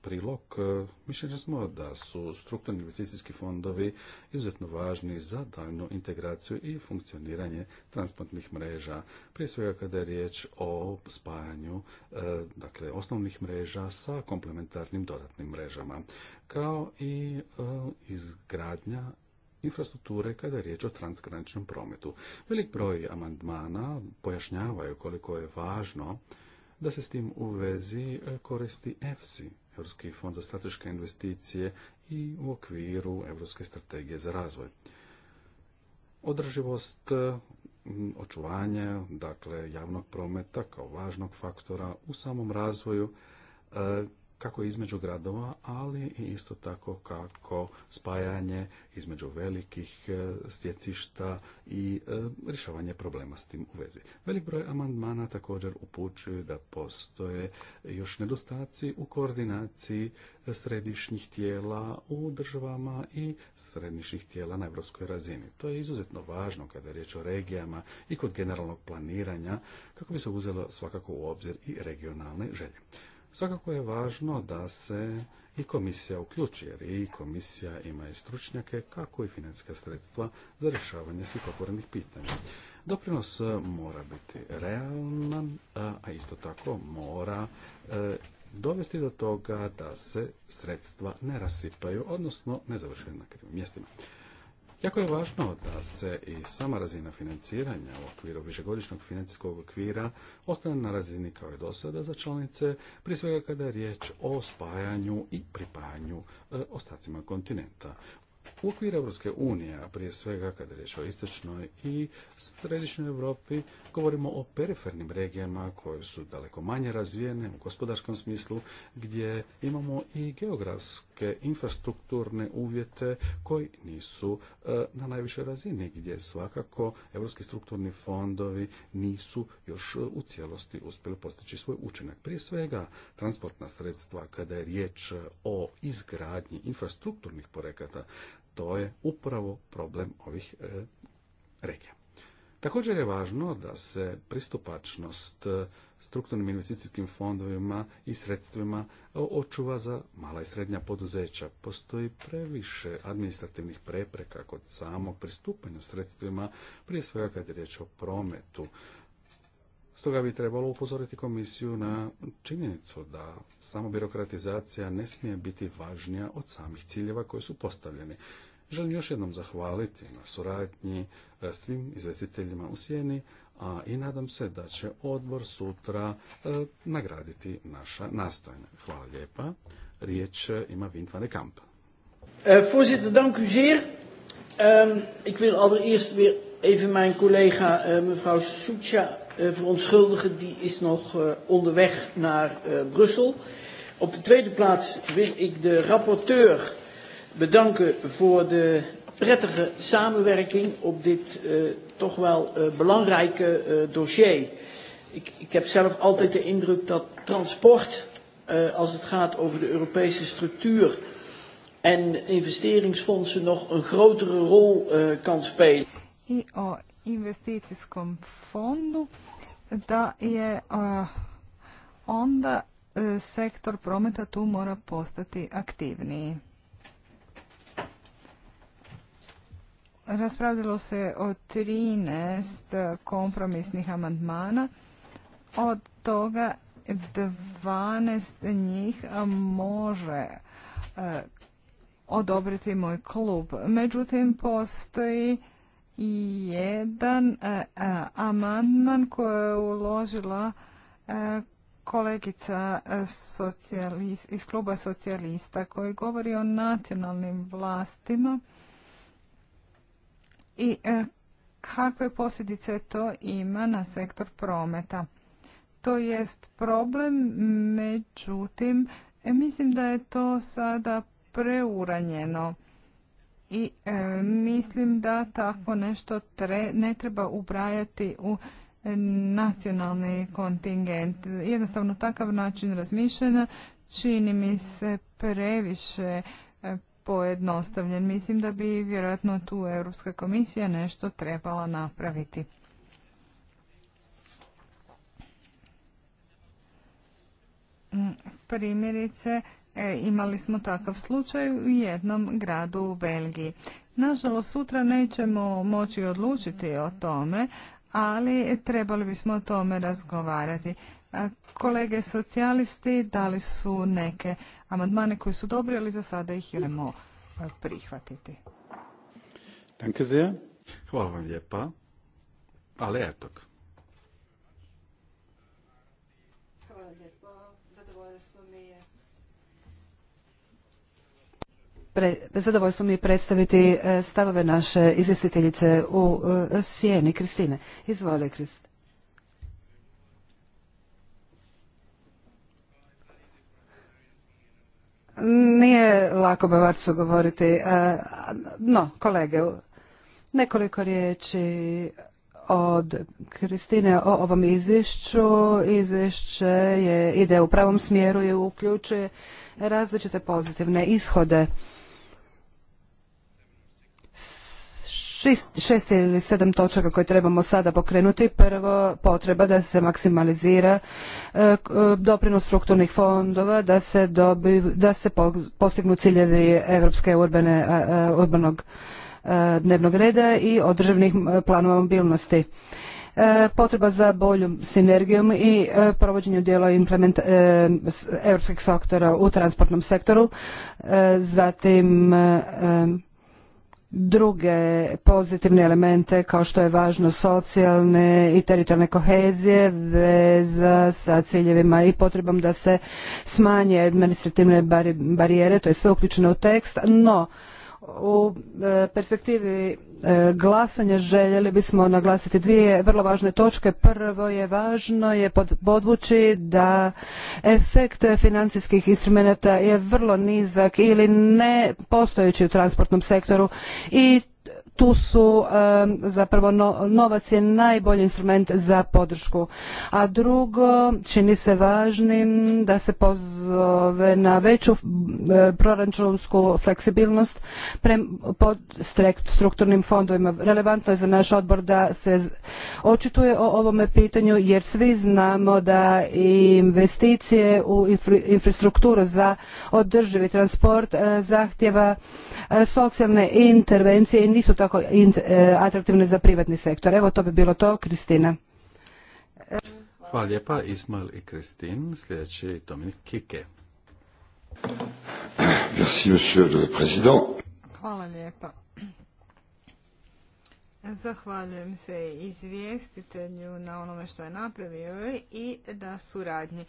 prilog, e, mišljenja smo da su strukturni investicijski fondovi izuzetno važni za daljnu integraciju i funkcioniranje transportnih mreža, prije svega kada je riječ o spajanju e, dakle, osnovnih mreža sa komplementarnim dodatnim mrežama, kao i e, izgradnja infrastrukture kada je riječ o transgraničnom prometu. Velik broj amandmana pojašnjavaju koliko je važno da se s tim u vezi e, koristi EFSI, Europski fond za strateške investicije i u okviru Europske strategije za razvoj. Održivost e, očuvanja, dakle, javnog prometa kao važnog faktora u samom razvoju e, kako između gradova, ali isto tako kako spajanje između velikih e, stjecišta i e, rješavanje problema s tim u vezi. Velik broj amandmana također upućuje da postoje još nedostaci u koordinaciji središnjih tijela u državama i središnjih tijela na evropskoj razini. To je izuzetno važno kada je riječ o regijama i kod generalnog planiranja kako bi se uzelo svakako u obzir i regionalne želje. Svakako je važno da se i komisija uključi, jer i komisija ima i stručnjake, kako i financijska sredstva za rješavanje svih otvorenih pitanja. Doprinos e, mora biti realan, a isto tako mora e, dovesti do toga da se sredstva ne rasipaju, odnosno ne završaju na krivim mjestima. Jako je važno da se i sama razina financiranja u okviru višegodišnjeg financijskog okvira ostane na razini kao i do sada za članice, prije svega kada je riječ o spajanju i pripajanju e, ostacima kontinenta. U okviru Europske unije, a prije svega kad je riječ o istočnoj i središnjoj Europi, govorimo o perifernim regijama koje su daleko manje razvijene u gospodarskom smislu, gdje imamo i geografske infrastrukturne uvjete koji nisu e, na najvišoj razini, gdje svakako europski strukturni fondovi nisu još e, u cijelosti uspjeli postići svoj učinak. Prije svega, transportna sredstva kada je riječ e, o izgradnji infrastrukturnih projekata, to je upravo problem ovih e, regija. Također je važno da se pristupačnost e, strukturnim investicijskim fondovima i sredstvima e, očuva za mala i srednja poduzeća. Postoji previše administrativnih prepreka kod samog pristupanja sredstvima, prije svega kad je riječ o prometu. Stoga bi trebalo upozoriti komisiju na činjenicu da samo birokratizacija ne smije biti važnija od samih ciljeva koji su postavljeni. Želim još jednom zahvaliti na suradnji e, svim izvestiteljima u Sijeni a i nadam se da će odbor sutra e, nagraditi naša nastojna. Hvala lijepa. Riječ e, ima Wint van de Kamp. Eh, voorzitter, dank u zeer. Ehm, ik wil allereerst weer even mijn collega eh, mevrouw Eh, verontschuldigen, die is nog eh, onderweg naar eh, Brussel. Op de tweede plaats wil ik de rapporteur bedanken voor de prettige samenwerking op dit toch wel belangrijke dossier. Ik, ik heb zelf altijd de indruk dat transport, als het gaat over de Europese structuur en investeringsfondsen, nog een grotere rol kan spelen investicijskom fondu da je onda e, sektor prometa tu mora postati aktivniji. Raspravljalo se o 13 kompromisnih amandmana, od toga 12 njih može e, odobriti moj klub. Međutim, postoji i jedan e, e, amandman koje je uložila e, kolegica iz kluba socijalista koji govori o nacionalnim vlastima i kakve posljedice to ima na sektor prometa. To jest problem, međutim, mislim da je to sada preuranjeno i e, mislim da tako nešto ne treba ubrajati u nacionalni kontingent. Jednostavno takav način razmišljanja čini mi se previše e, pojednostavljen. Mislim da bi vjerojatno tu Europska komisija nešto trebala napraviti. Mm, primjerice, E, imali smo takav slučaj u jednom gradu u Belgiji. Nažalost, sutra nećemo moći odlučiti o tome, ali trebali bismo o tome razgovarati. E, kolege socijalisti dali su neke amandmane koji su dobri, ali za sada ih idemo e, prihvatiti. Danke sehr. Hvala vam lijepa. zadovoljstvo mi je predstaviti e, stavove naše izvjestiteljice u e, Sijeni. Kristine, izvoli Kristine. Nije lako Bavarcu govoriti, e, no kolege, nekoliko riječi od Kristine o ovom izvješću. Izvješće je, ide u pravom smjeru i uključuje različite pozitivne ishode. šest, ili sedam točaka koje trebamo sada pokrenuti. Prvo, potreba da se maksimalizira e, e, doprinos strukturnih fondova, da se, da se postignu ciljevi Evropske urbane, urbanog e, dnevnog reda i održavnih planova mobilnosti potreba za boljom sinergijom i provođenju dijela evropskih sektora u transportnom sektoru, zatim druge pozitivne elemente kao što je važno socijalne i teritorijalne kohezije veza sa ciljevima i potrebom da se smanje administrativne barijere, to je sve uključeno u tekst, no u e, perspektivi E, glasanje željeli bismo naglasiti dvije vrlo važne točke. Prvo je važno je podvući da efekt financijskih instrumenata je vrlo nizak ili ne postojeći u transportnom sektoru i tu su zapravo novac je najbolji instrument za podršku. A drugo, čini se važnim da se pozove na veću proračunsku fleksibilnost pod strukturnim fondovima. Relevantno je za naš odbor da se očituje o ovome pitanju jer svi znamo da investicije u infrastrukturu za održivi transport zahtjeva socijalne intervencije i nisu to tako e, atraktivne za privatni sektor. Evo to bi bilo to, Kristina. Hvala lijepa, Ismail i Kristin. Sljedeći Dominik Kike. Merci, monsieur le président. Hvala lijepa. Zahvaljujem se izvjestitelju na onome što je napravio i da suradnji.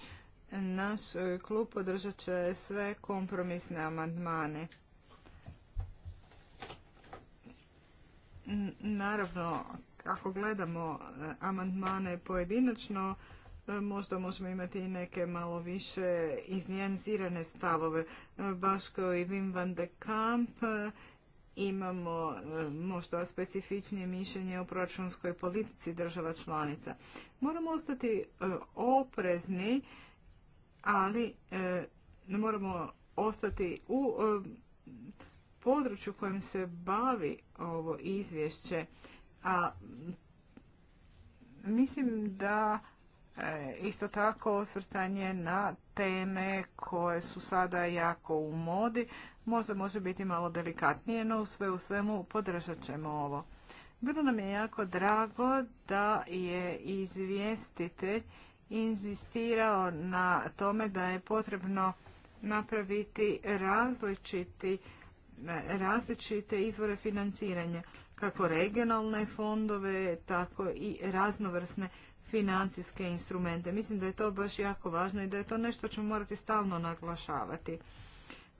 Naš klub podržat će sve kompromisne amandmane. Naravno, ako gledamo e, amandmane pojedinačno, e, možda možemo imati i neke malo više iznijanzirane stavove. E, baš kao i Wim van de Kamp imamo možda specifičnije mišljenje o proračunskoj politici država članica. Moramo ostati oprezni, ali ne moramo ostati u području kojim se bavi ovo izvješće, a mislim da e, isto tako osvrtanje na teme koje su sada jako u modi, možda može biti malo delikatnije, no sve u svemu podržat ćemo ovo. Bilo nam je jako drago da je izvjestitelj inzistirao na tome da je potrebno napraviti različiti različite izvore financiranja, kako regionalne fondove, tako i raznovrsne financijske instrumente. Mislim da je to baš jako važno i da je to nešto ćemo morati stalno naglašavati.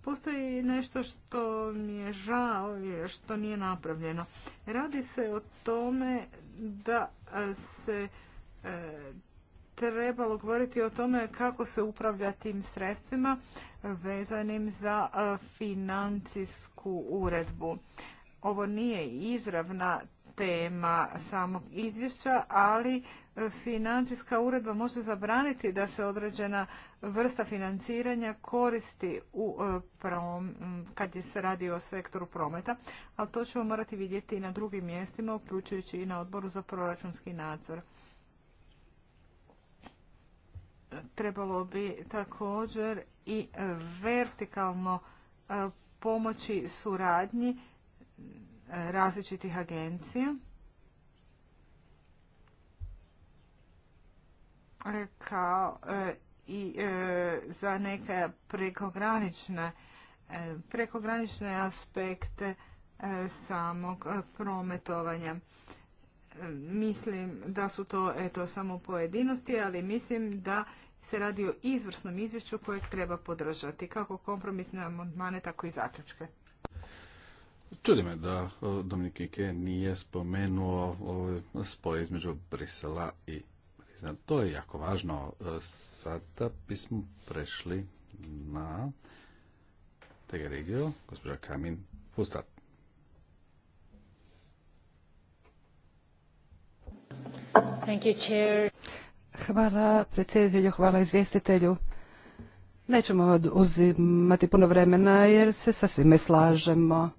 Postoji nešto što mi je žao i što nije napravljeno. Radi se o tome da se e, trebalo govoriti o tome kako se upravlja tim sredstvima vezanim za e, financijsku uredbu. Ovo nije izravna tema samog izvješća, ali e, financijska uredba može zabraniti da se određena vrsta financiranja koristi u e, prom, kad je se radi o sektoru prometa, ali to ćemo morati vidjeti i na drugim mjestima, uključujući i na odboru za proračunski nadzor trebalo bi također i vertikalno e, pomoći suradnji e, različitih agencija e, kao i za neke prekogranične aspekte samog prometovanja. Mislim da su to eto samo pojedinosti, ali mislim da se radi o izvrsnom izvješću kojeg treba podržati, kako kompromisne amandmane, tako i zaključke. Čudi me da Dominik Ike nije spomenuo spoj između Brisela i Brisela. To je jako važno. E, sada bismo prešli na Tega Regio, gospođa Kamin Fusat. Thank you, chair. Hvala predsjedatelju, hvala izvjestitelju. Nećemo uzimati puno vremena jer se sa svime slažemo.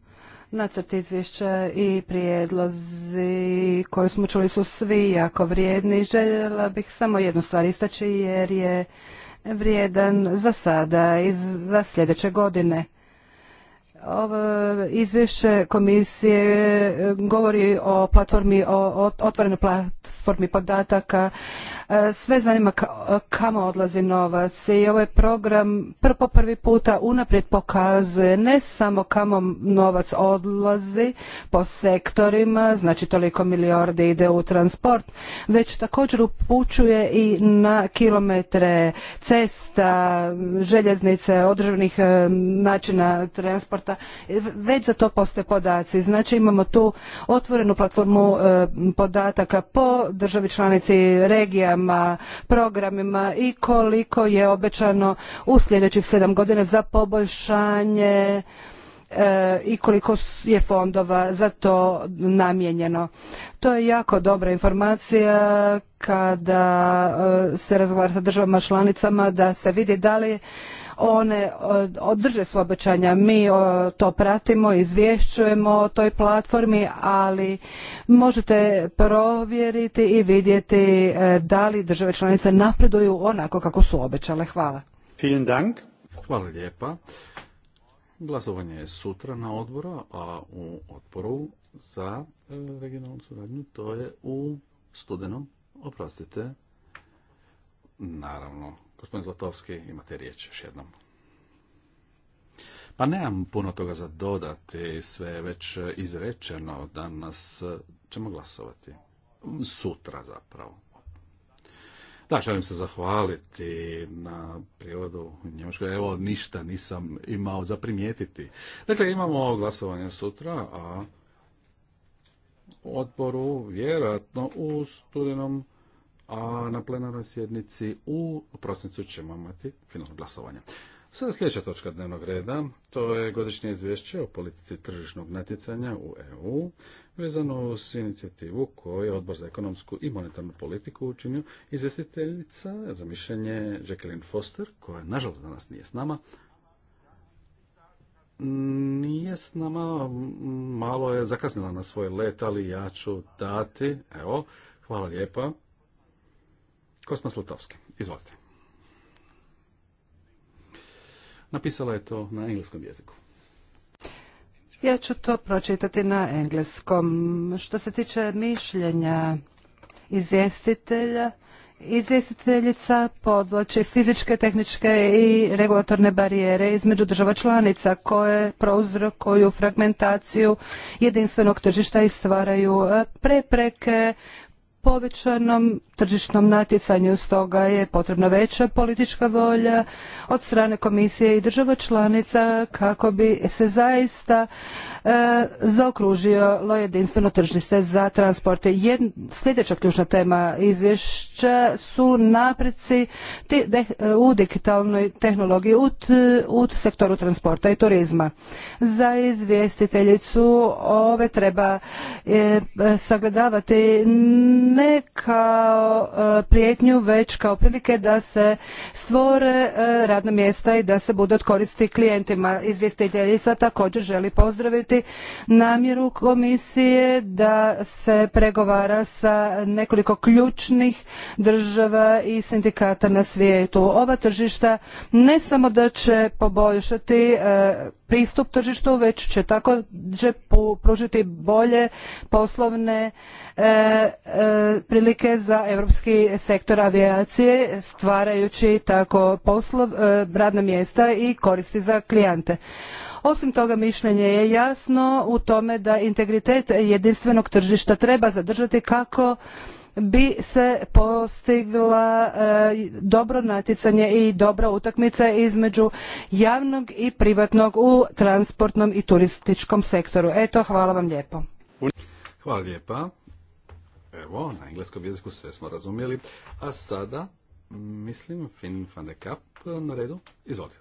Nacrt izvješća i prijedlozi koje smo čuli su svi jako vrijedni. Željela bih samo jednu stvar istaći jer je vrijedan za sada i za sljedeće godine. Ovo izvješće komisije e, govori o platformi, o otvorenoj platformi podataka E, sve zanima kamo odlazi novac i ovaj program po prvi puta unaprijed pokazuje ne samo kamo novac odlazi po sektorima, znači toliko milijarde ide u transport, već također upućuje i na kilometre cesta, željeznice, održavnih e, načina transporta. E, već za to postoje podaci. Znači imamo tu otvorenu platformu podataka po državi članici regija, mjerama, programima i koliko je obećano u sljedećih sedam godina za poboljšanje e, i koliko je fondova za to namijenjeno. To je jako dobra informacija kada e, se razgovara sa državama članicama da se vidi da li one e, održe su obećanja. Mi e, to pratimo, izvješćujemo o toj platformi, ali možete provjeriti i vidjeti e, da li države članice napreduju onako kako su obećale. Hvala. Hvala lijepa. Glasovanje je sutra na odboru, a u odboru za regionalnu suradnju to je u studenom, oprostite. Naravno, Gospodin Zlatovski, imate riječ još jednom. Pa nemam puno toga za dodati, sve je već izrečeno, danas ćemo glasovati. Sutra zapravo. Da, želim se zahvaliti na prijevodu Njemačkoj. Evo, ništa nisam imao za primijetiti. Dakle, imamo glasovanje sutra, a odboru vjerojatno u studenom a na plenarnoj sjednici u prosincu ćemo imati finalno glasovanje. Sada sljedeća točka dnevnog reda, to je godišnje izvješće o politici tržišnog natjecanja u EU, vezano uz inicijativu koju je Odbor za ekonomsku i monetarnu politiku učinio izvjestiteljica za mišljenje Jacqueline Foster, koja nažalost danas nije s nama. Nije s nama, malo je zakasnila na svoj let, ali ja ću dati, evo, hvala lijepa Kosma Slatovski, izvolite. Napisala je to na engleskom jeziku. Ja ću to pročitati na engleskom. Što se tiče mišljenja izvjestitelja, Izvjestiteljica podvlači fizičke, tehničke i regulatorne barijere između država članica koje prouzrokuju fragmentaciju jedinstvenog tržišta i stvaraju prepreke povećanom tržišnom natjecanju, stoga je potrebna veća politička volja od strane komisije i država članica kako bi se zaista e, zaokružilo jedinstveno tržište za transporte. sljedeća ključna tema izvješća su napreci u digitalnoj tehnologiji u, sektoru transporta i turizma. Za izvjestiteljicu ove treba e, sagledavati ne kao E, prijetnju, već kao prilike da se stvore e, radna mjesta i da se bude od koristi klijentima. Izvjestiteljica također želi pozdraviti namjeru komisije da se pregovara sa nekoliko ključnih država i sindikata na svijetu. Ova tržišta ne samo da će poboljšati e, pristup tržištu, već će tako pružiti bolje poslovne prilike za europski sektor avijacije stvarajući tako poslov, e, radna mjesta i koristi za klijente. Osim toga, mišljenje je jasno u tome da integritet jedinstvenog tržišta treba zadržati kako bi se postigla e, dobro natjecanje i dobra utakmica između javnog i privatnog u transportnom i turističkom sektoru. Eto, hvala vam lijepo. Hvala lijepa evo, na engleskom jeziku sve smo razumjeli. A sada, mislim, Finn van de Kapp, na redu. Izvolite.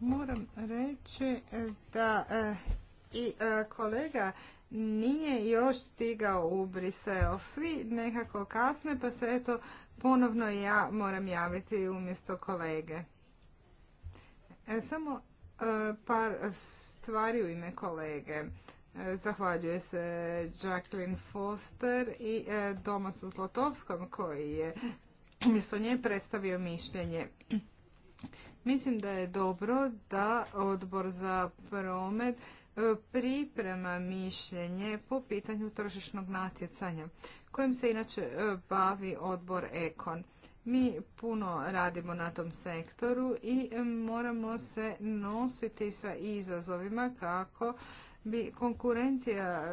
Moram reći da e, i e, kolega nije još stigao u Brisel. Svi nekako kasne, pa se eto ponovno ja moram javiti umjesto kolege. E, samo e, par stvari u ime kolege. E, zahvaljuje se Jacqueline Foster i Domasu Zlotovskom koji je umjesto nje predstavio mišljenje. Mislim da je dobro da odbor za promet E, priprema mišljenje po pitanju tržišnog natjecanja, kojim se inače e, bavi odbor Ekon. Mi puno radimo na tom sektoru i e, moramo se nositi sa izazovima kako bi konkurencija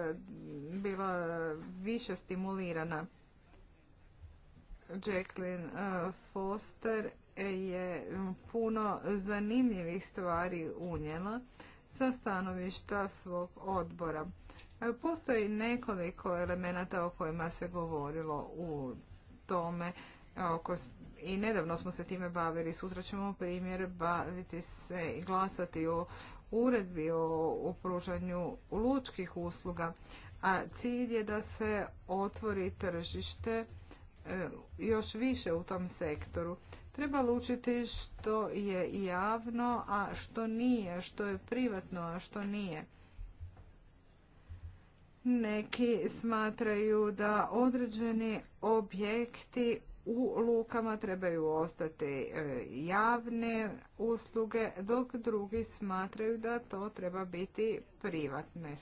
bila više stimulirana. Jacqueline Foster je puno zanimljivih stvari unijela sa stanovišta svog odbora. E, postoji nekoliko elemenata o kojima se govorilo u tome e, i nedavno smo se time bavili. Sutra ćemo primjer baviti se i glasati o uredbi o upružanju lučkih usluga, a cilj je da se otvori tržište E, još više u tom sektoru. Treba lučiti što je javno, a što nije, što je privatno, a što nije. Neki smatraju da određeni objekti u lukama trebaju ostati e, javne usluge, dok drugi smatraju da to treba biti privatne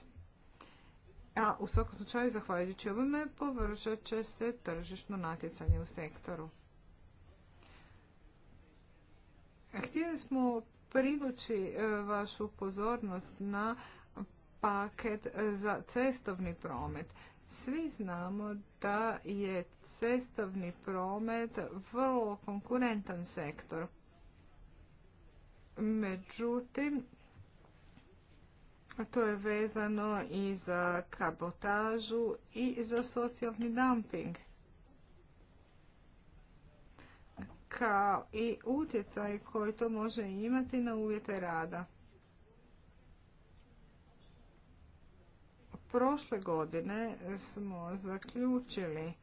a u svakom slučaju, zahvaljujući ovome, površat će se tržišno natjecanje u sektoru. Htjeli smo privući e, vašu pozornost na paket e, za cestovni promet. Svi znamo da je cestovni promet vrlo konkurentan sektor. Međutim, a To je vezano i za kabotažu i za socijalni dumping. Kao i utjecaj koji to može imati na uvjete rada. Prošle godine smo zaključili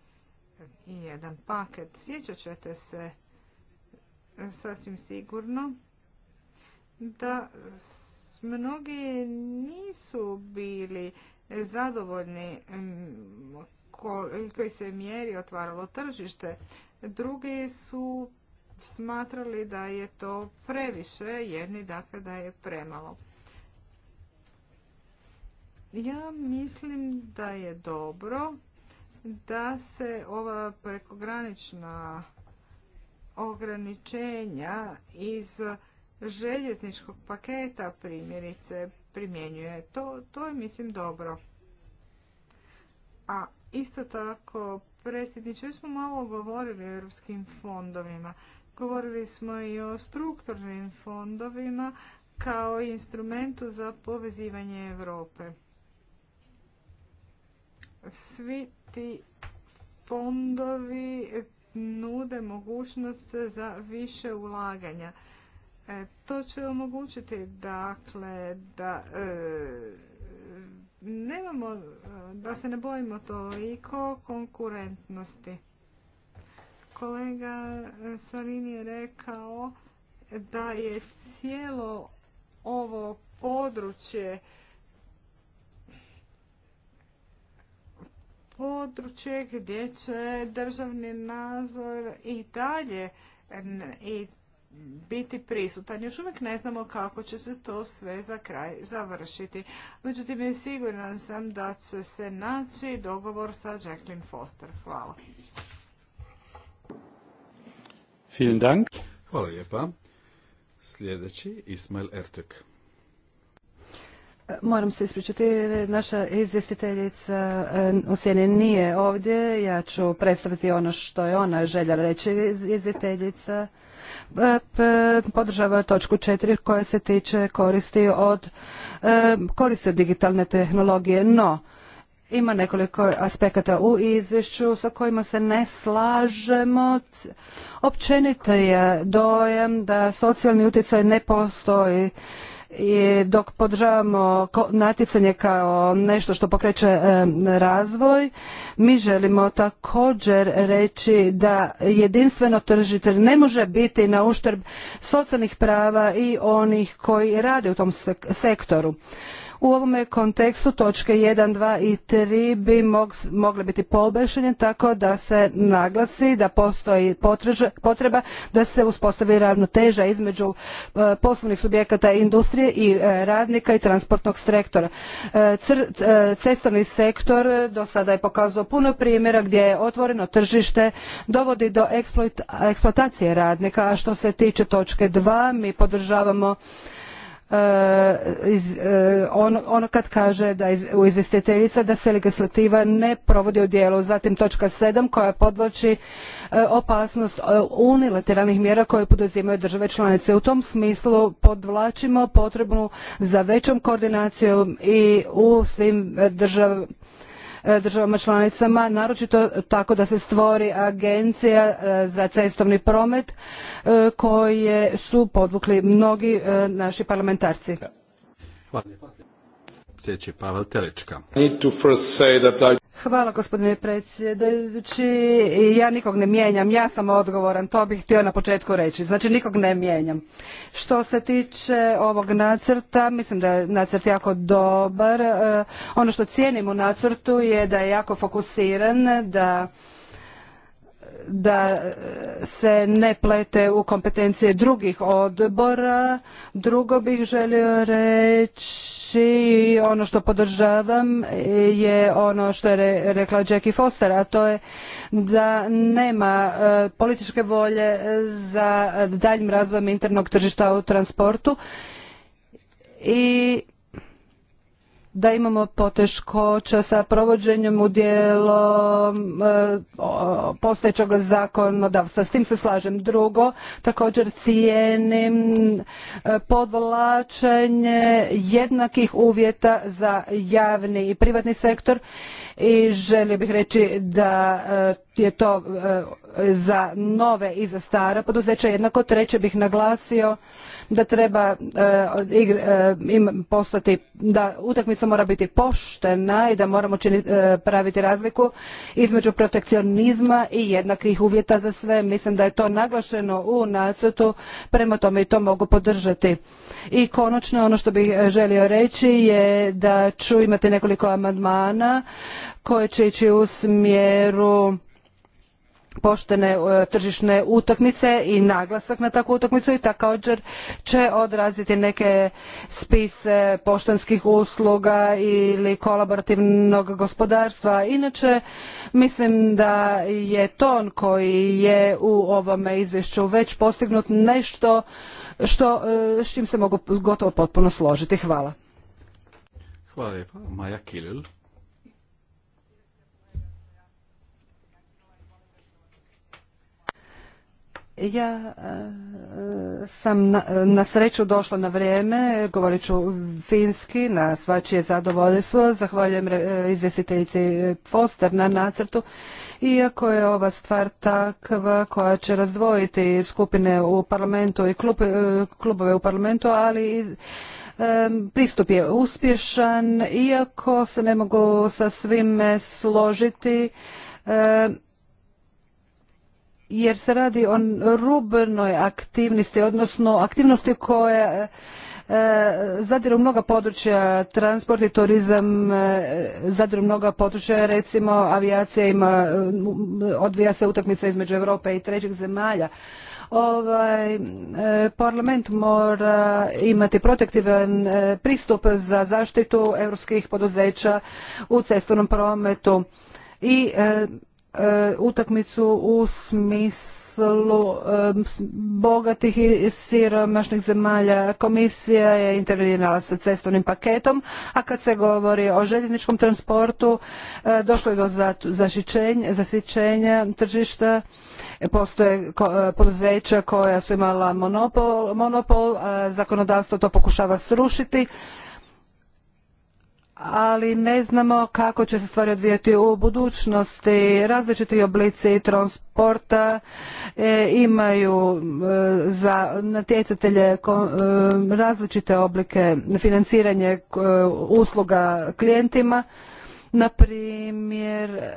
jedan paket. Sjećat ćete se sasvim sigurno da Mnogi nisu bili zadovoljni koji se mjeri otvaralo tržište. Drugi su smatrali da je to previše, jedni dakle da je premalo. Ja mislim da je dobro da se ova prekogranična ograničenja iz željezničkog paketa primjerice primjenjuje. To, je, mislim, dobro. A isto tako, predsjedniče, smo malo govorili o europskim fondovima. Govorili smo i o strukturnim fondovima kao instrumentu za povezivanje Europe. Svi ti fondovi nude mogućnost za više ulaganja. E, to će omogućiti dakle da e, nemamo, e, da se ne bojimo toliko konkurentnosti. Kolega Salini je rekao da je cijelo ovo područje područje gdje će državni nadzor i dalje i biti prisutan. Još uvijek ne znamo kako će se to sve za kraj završiti. Međutim, je siguran sam da će se naći dogovor sa Jacqueline Foster. Hvala. Hvala lijepa. Sljedeći, Ismail Moram se ispričati, naša izvjestiteljica e, u sjeni nije ovdje, ja ću predstaviti ono što je ona željela reći izvjestiteljica. E, podržava točku četiri koja se tiče koristi od, e, koriste digitalne tehnologije, no ima nekoliko aspekata u izvješću sa kojima se ne slažemo. Općenito je dojem da socijalni utjecaj ne postoji dok podržavamo natjecanje kao nešto što pokreće e, razvoj, mi želimo također reći da jedinstveno tržište ne može biti na uštrb socijalnih prava i onih koji rade u tom sektoru. U ovome kontekstu točke 1, 2 i 3 bi mogle biti poboljšanje tako da se naglasi da postoji potreba da se uspostavi ravnoteža između e, poslovnih subjekata industrije i e, radnika i transportnog sektora. E, cestovni sektor do sada je pokazao puno primjera gdje je otvoreno tržište dovodi do eksploatacije radnika, a što se tiče točke 2 mi podržavamo ono, kad kaže da u izvjestiteljica da se legislativa ne provodi u dijelu. Zatim točka 7 koja podvlači e, opasnost e, unilateralnih mjera koje poduzimaju države članice. U tom smislu podvlačimo potrebnu za većom koordinacijom i u svim državama E, državama članicama, naročito tako da se stvori agencija e, za cestovni promet e, koje su podvukli mnogi naši parlamentarci. Hvala. Hvala gospodine predsjedajući. Ja nikog ne mijenjam, ja sam odgovoran, to bih htio na početku reći. Znači nikog ne mijenjam. Što se tiče ovog nacrta, mislim da je nacrt jako dobar. E, ono što cijenim u nacrtu je da je jako fokusiran, da da se ne plete u kompetencije drugih odbora. Drugo bih želio reći, ono što podržavam je ono što je rekla Jackie Foster, a to je da nema e, političke volje za daljim razvojem internog tržišta u transportu i da imamo poteškoća sa provođenjem u dijelo e, postojećeg zakonodavstva. S tim se slažem. Drugo, također cijenim e, podvlačenje jednakih uvjeta za javni i privatni sektor i želio bih reći da e, je to e, za nove i za stara poduzeća jednako. Treće bih naglasio da treba e, e, im postati, da utakmica mora biti poštena i da moramo praviti razliku između protekcionizma i jednakih uvjeta za sve. Mislim da je to naglašeno u nacrtu, prema tome i to mogu podržati. I konačno ono što bih želio reći je da ću imati nekoliko amandmana koje će ići u smjeru poštene e, tržišne utakmice i naglasak na takvu utakmicu i također će odraziti neke spise poštanskih usluga ili kolaborativnog gospodarstva. Inače, mislim da je ton koji je u ovome izvješću već postignut nešto što, e, s čim se mogu gotovo potpuno složiti. Hvala. Hvala Maja Ja e, sam na, sreću došla na vrijeme, govorit ću finski, na svačije zadovoljstvo. Zahvaljujem e, izvjestiteljici Foster na nacrtu. Iako je ova stvar takva koja će razdvojiti skupine u parlamentu i e, klubove u parlamentu, ali pristup je uspješan, iako se ne mogu sa svime složiti jer se radi o rubnoj aktivnosti, odnosno aktivnosti koja e, zadiru mnoga područja, transport i turizam, e, zadiru mnoga područja, recimo avijacija ima, e, odvija se utakmica između Europe i trećih zemalja. Ovaj parlament mora imati protektivan pristup za zaštitu europskih poduzeća u cestovnom prometu i E, utakmicu u smislu e, bogatih i siromašnih zemalja. Komisija je intervenirala sa cestovnim paketom, a kad se govori o željezničkom transportu, e, došlo je do zasićenja tržišta. Postoje poduzeća koja su imala monopol, monopol zakonodavstvo to pokušava srušiti ali ne znamo kako će se stvari odvijati u budućnosti. Različiti oblici transporta e, imaju e, za natjecatelje e, različite oblike financiranje usluga klijentima. Na primjer,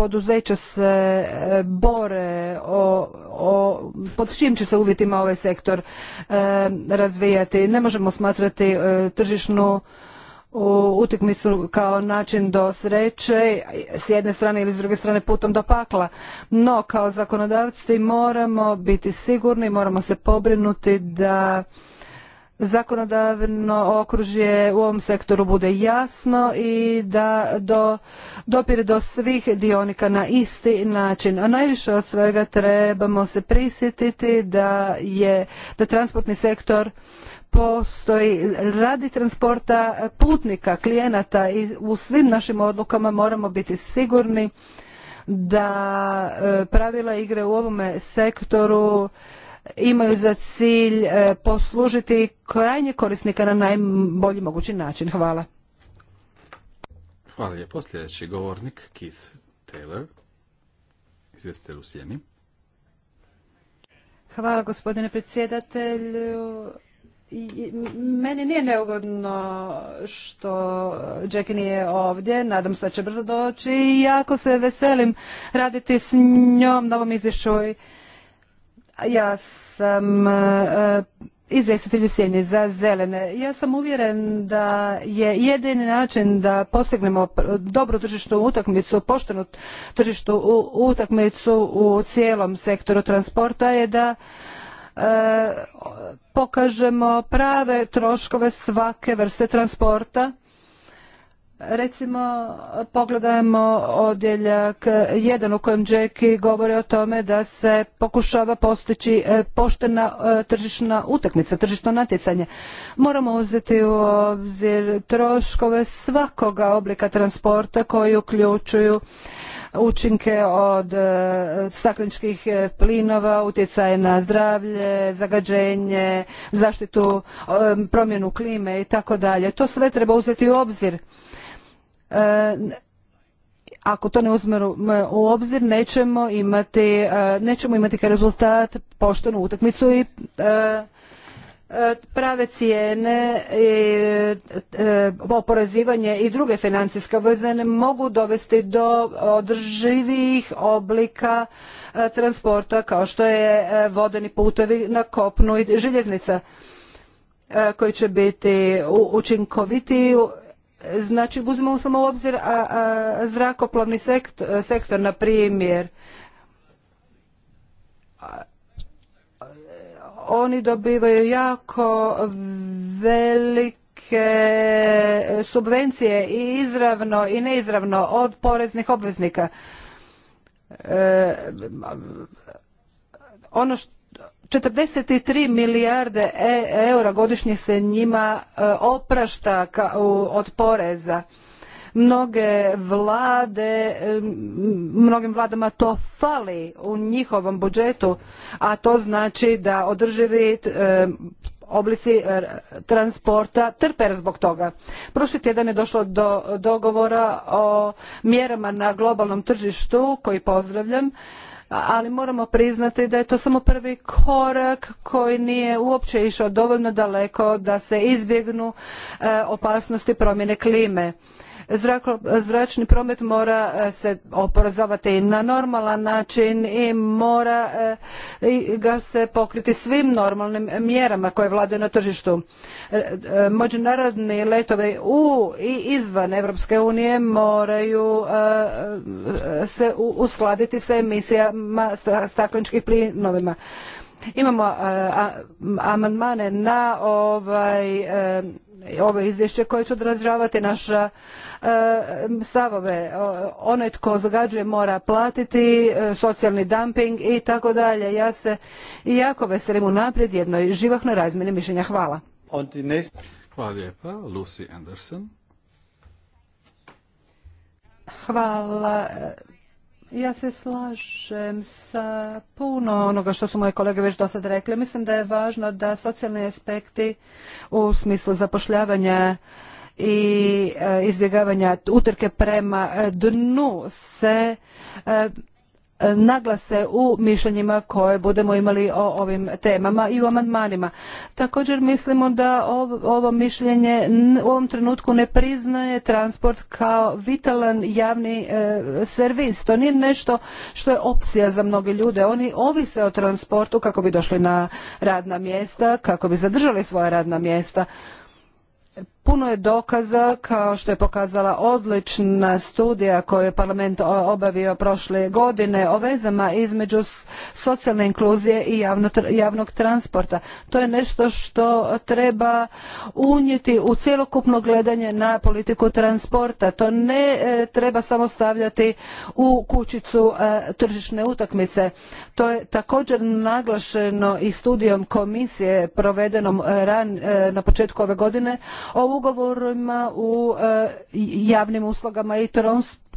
poduzeća se e, bore o, pod čijim će se uvjetima ovaj sektor e, razvijati. Ne možemo smatrati e, tržišnu utekmicu kao način do sreće s jedne strane ili s druge strane putom do pakla. No, kao zakonodavci moramo biti sigurni, moramo se pobrinuti da zakonodavno okružje u ovom sektoru bude jasno i da do, dopire do svih dionika na isti način. A najviše od svega trebamo se prisjetiti da je da transportni sektor postoji radi transporta putnika, klijenata i u svim našim odlukama moramo biti sigurni da e, pravila igre u ovome sektoru imaju za cilj e, poslužiti krajnje korisnika na najbolji mogući način. Hvala. Hvala lijepo. Sljedeći govornik Keith Taylor, izvjestitelj u Hvala gospodine predsjedatelju. Meni nije neugodno što Jackie nije ovdje, nadam se da će brzo doći i jako se veselim raditi s njom na ovom izvješću ja sam eh, izvjestitelj u za zelene. Ja sam uvjeren da je jedini način da postignemo dobru tržišnu utakmicu, poštenu tržištu utakmicu u cijelom sektoru transporta je da eh, pokažemo prave troškove svake vrste transporta Recimo, pogledajmo odjeljak jedan u kojem Jackie govori o tome da se pokušava postići e, poštena e, tržišna utakmica, tržišno natjecanje. Moramo uzeti u obzir troškove svakoga oblika transporta koji uključuju učinke od e, stakleničkih plinova, utjecaje na zdravlje, zagađenje, zaštitu, promjenu klime i tako dalje. To sve treba uzeti u obzir E, ako to ne uzmemo u obzir nećemo imati e, nećemo imati kao rezultat poštenu utakmicu i e, prave cijene oporezivanje i druge financijske obveze mogu dovesti do održivih oblika transporta kao što je vodeni putovi na kopnu i željeznica koji će biti učinkovitiji Znači, uzmemo samo u obzir a, a, zrakoplovni sektor, na primjer. Oni dobivaju jako velike subvencije i izravno i neizravno od poreznih obveznika. E, ono što 43 milijarde e, eura godišnje se njima e, oprašta od poreza mnoge vlade, mnogim vladama to fali u njihovom budžetu, a to znači da održivi e, oblici transporta trpe zbog toga. Prošli tjedan je došlo do dogovora o mjerama na globalnom tržištu koji pozdravljam ali moramo priznati da je to samo prvi korak koji nije uopće išao dovoljno daleko da se izbjegnu e, opasnosti promjene klime zračni promet mora e, se oporezovati na normalan način i mora e, ga se pokriti svim normalnim mjerama koje vladaju na tržištu. E, međunarodni letovi u i izvan Europske unije moraju se uskladiti sa emisijama stakleničkih plinovima. Imamo amandmane na ovaj ovo izvješće koje će odražavati naša e, stavove. Onaj tko zagađuje mora platiti, e, socijalni dumping i tako dalje. Ja se jako veselim naprijed jednoj živahnoj razmjeni mišljenja. Hvala. Hvala lijepa. Lucy Anderson. Hvala e, ja se slažem sa puno onoga što su moje kolege već do sad rekli. Mislim da je važno da socijalni aspekti u smislu zapošljavanja i e, izbjegavanja utrke prema e, dnu se e, naglase u mišljenjima koje budemo imali o ovim temama i u amandmanima. Također mislimo da ovo mišljenje u ovom trenutku ne priznaje transport kao vitalan javni e, servis. To nije nešto što je opcija za mnoge ljude. Oni ovise o transportu kako bi došli na radna mjesta, kako bi zadržali svoja radna mjesta. Puno je dokaza, kao što je pokazala odlična studija koju je parlament obavio prošle godine o vezama između socijalne inkluzije i javnog transporta. To je nešto što treba unijeti u cjelokupno gledanje na politiku transporta. To ne e, treba samo stavljati u kućicu e, tržišne utakmice. To je također naglašeno i studijom komisije provedenom e, ran, na početku ove godine. Ovu ugovorima u e, javnim uslugama i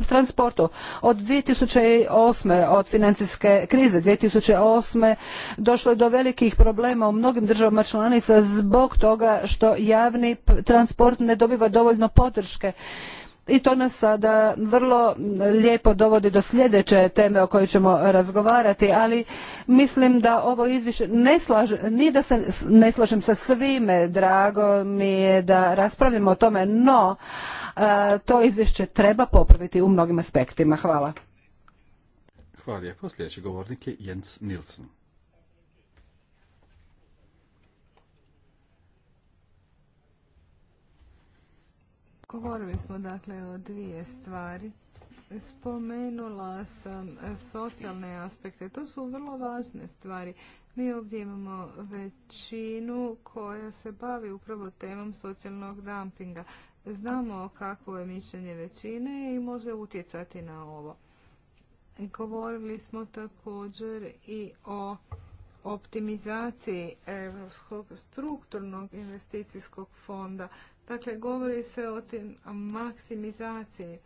transportu. Od 2008. od financijske krize 2008. došlo je do velikih problema u mnogim državama članica zbog toga što javni transport ne dobiva dovoljno podrške i to nas sada vrlo lijepo dovodi do sljedeće teme o kojoj ćemo razgovarati, ali mislim da ovo izvješće ne slažem, da se ne slažem sa svime, drago mi je da raspravljamo o tome, no to izvješće treba popraviti u mnogim aspektima. Hvala. Hvala lijepo. Sljedeći govornik je Jens Nilsson. Govorili smo dakle o dvije stvari. Spomenula sam socijalne aspekte. To su vrlo važne stvari. Mi ovdje imamo većinu koja se bavi upravo temom socijalnog dumpinga. Znamo kakvo je mišljenje većine i može utjecati na ovo. Govorili smo također i o optimizaciji Europskog strukturnog investicijskog fonda. Dakle, govori se o tim maksimizaciji.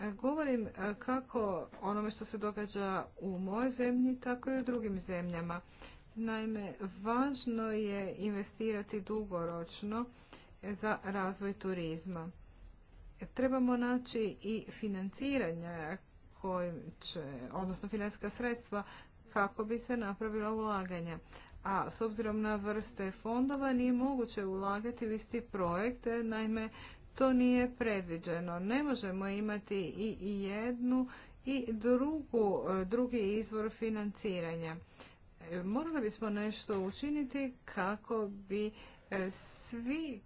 E, govorim e, kako onome što se događa u mojoj zemlji, tako i u drugim zemljama. Naime, važno je investirati dugoročno e, za razvoj turizma. Trebamo naći i financiranja će, odnosno financijska sredstva kako bi se napravila ulaganja a s obzirom na vrste fondova nije moguće ulagati u isti projekt, e, naime to nije predviđeno. Ne možemo imati i jednu i drugu, e, drugi izvor financiranja. E, morali bismo nešto učiniti kako bi svi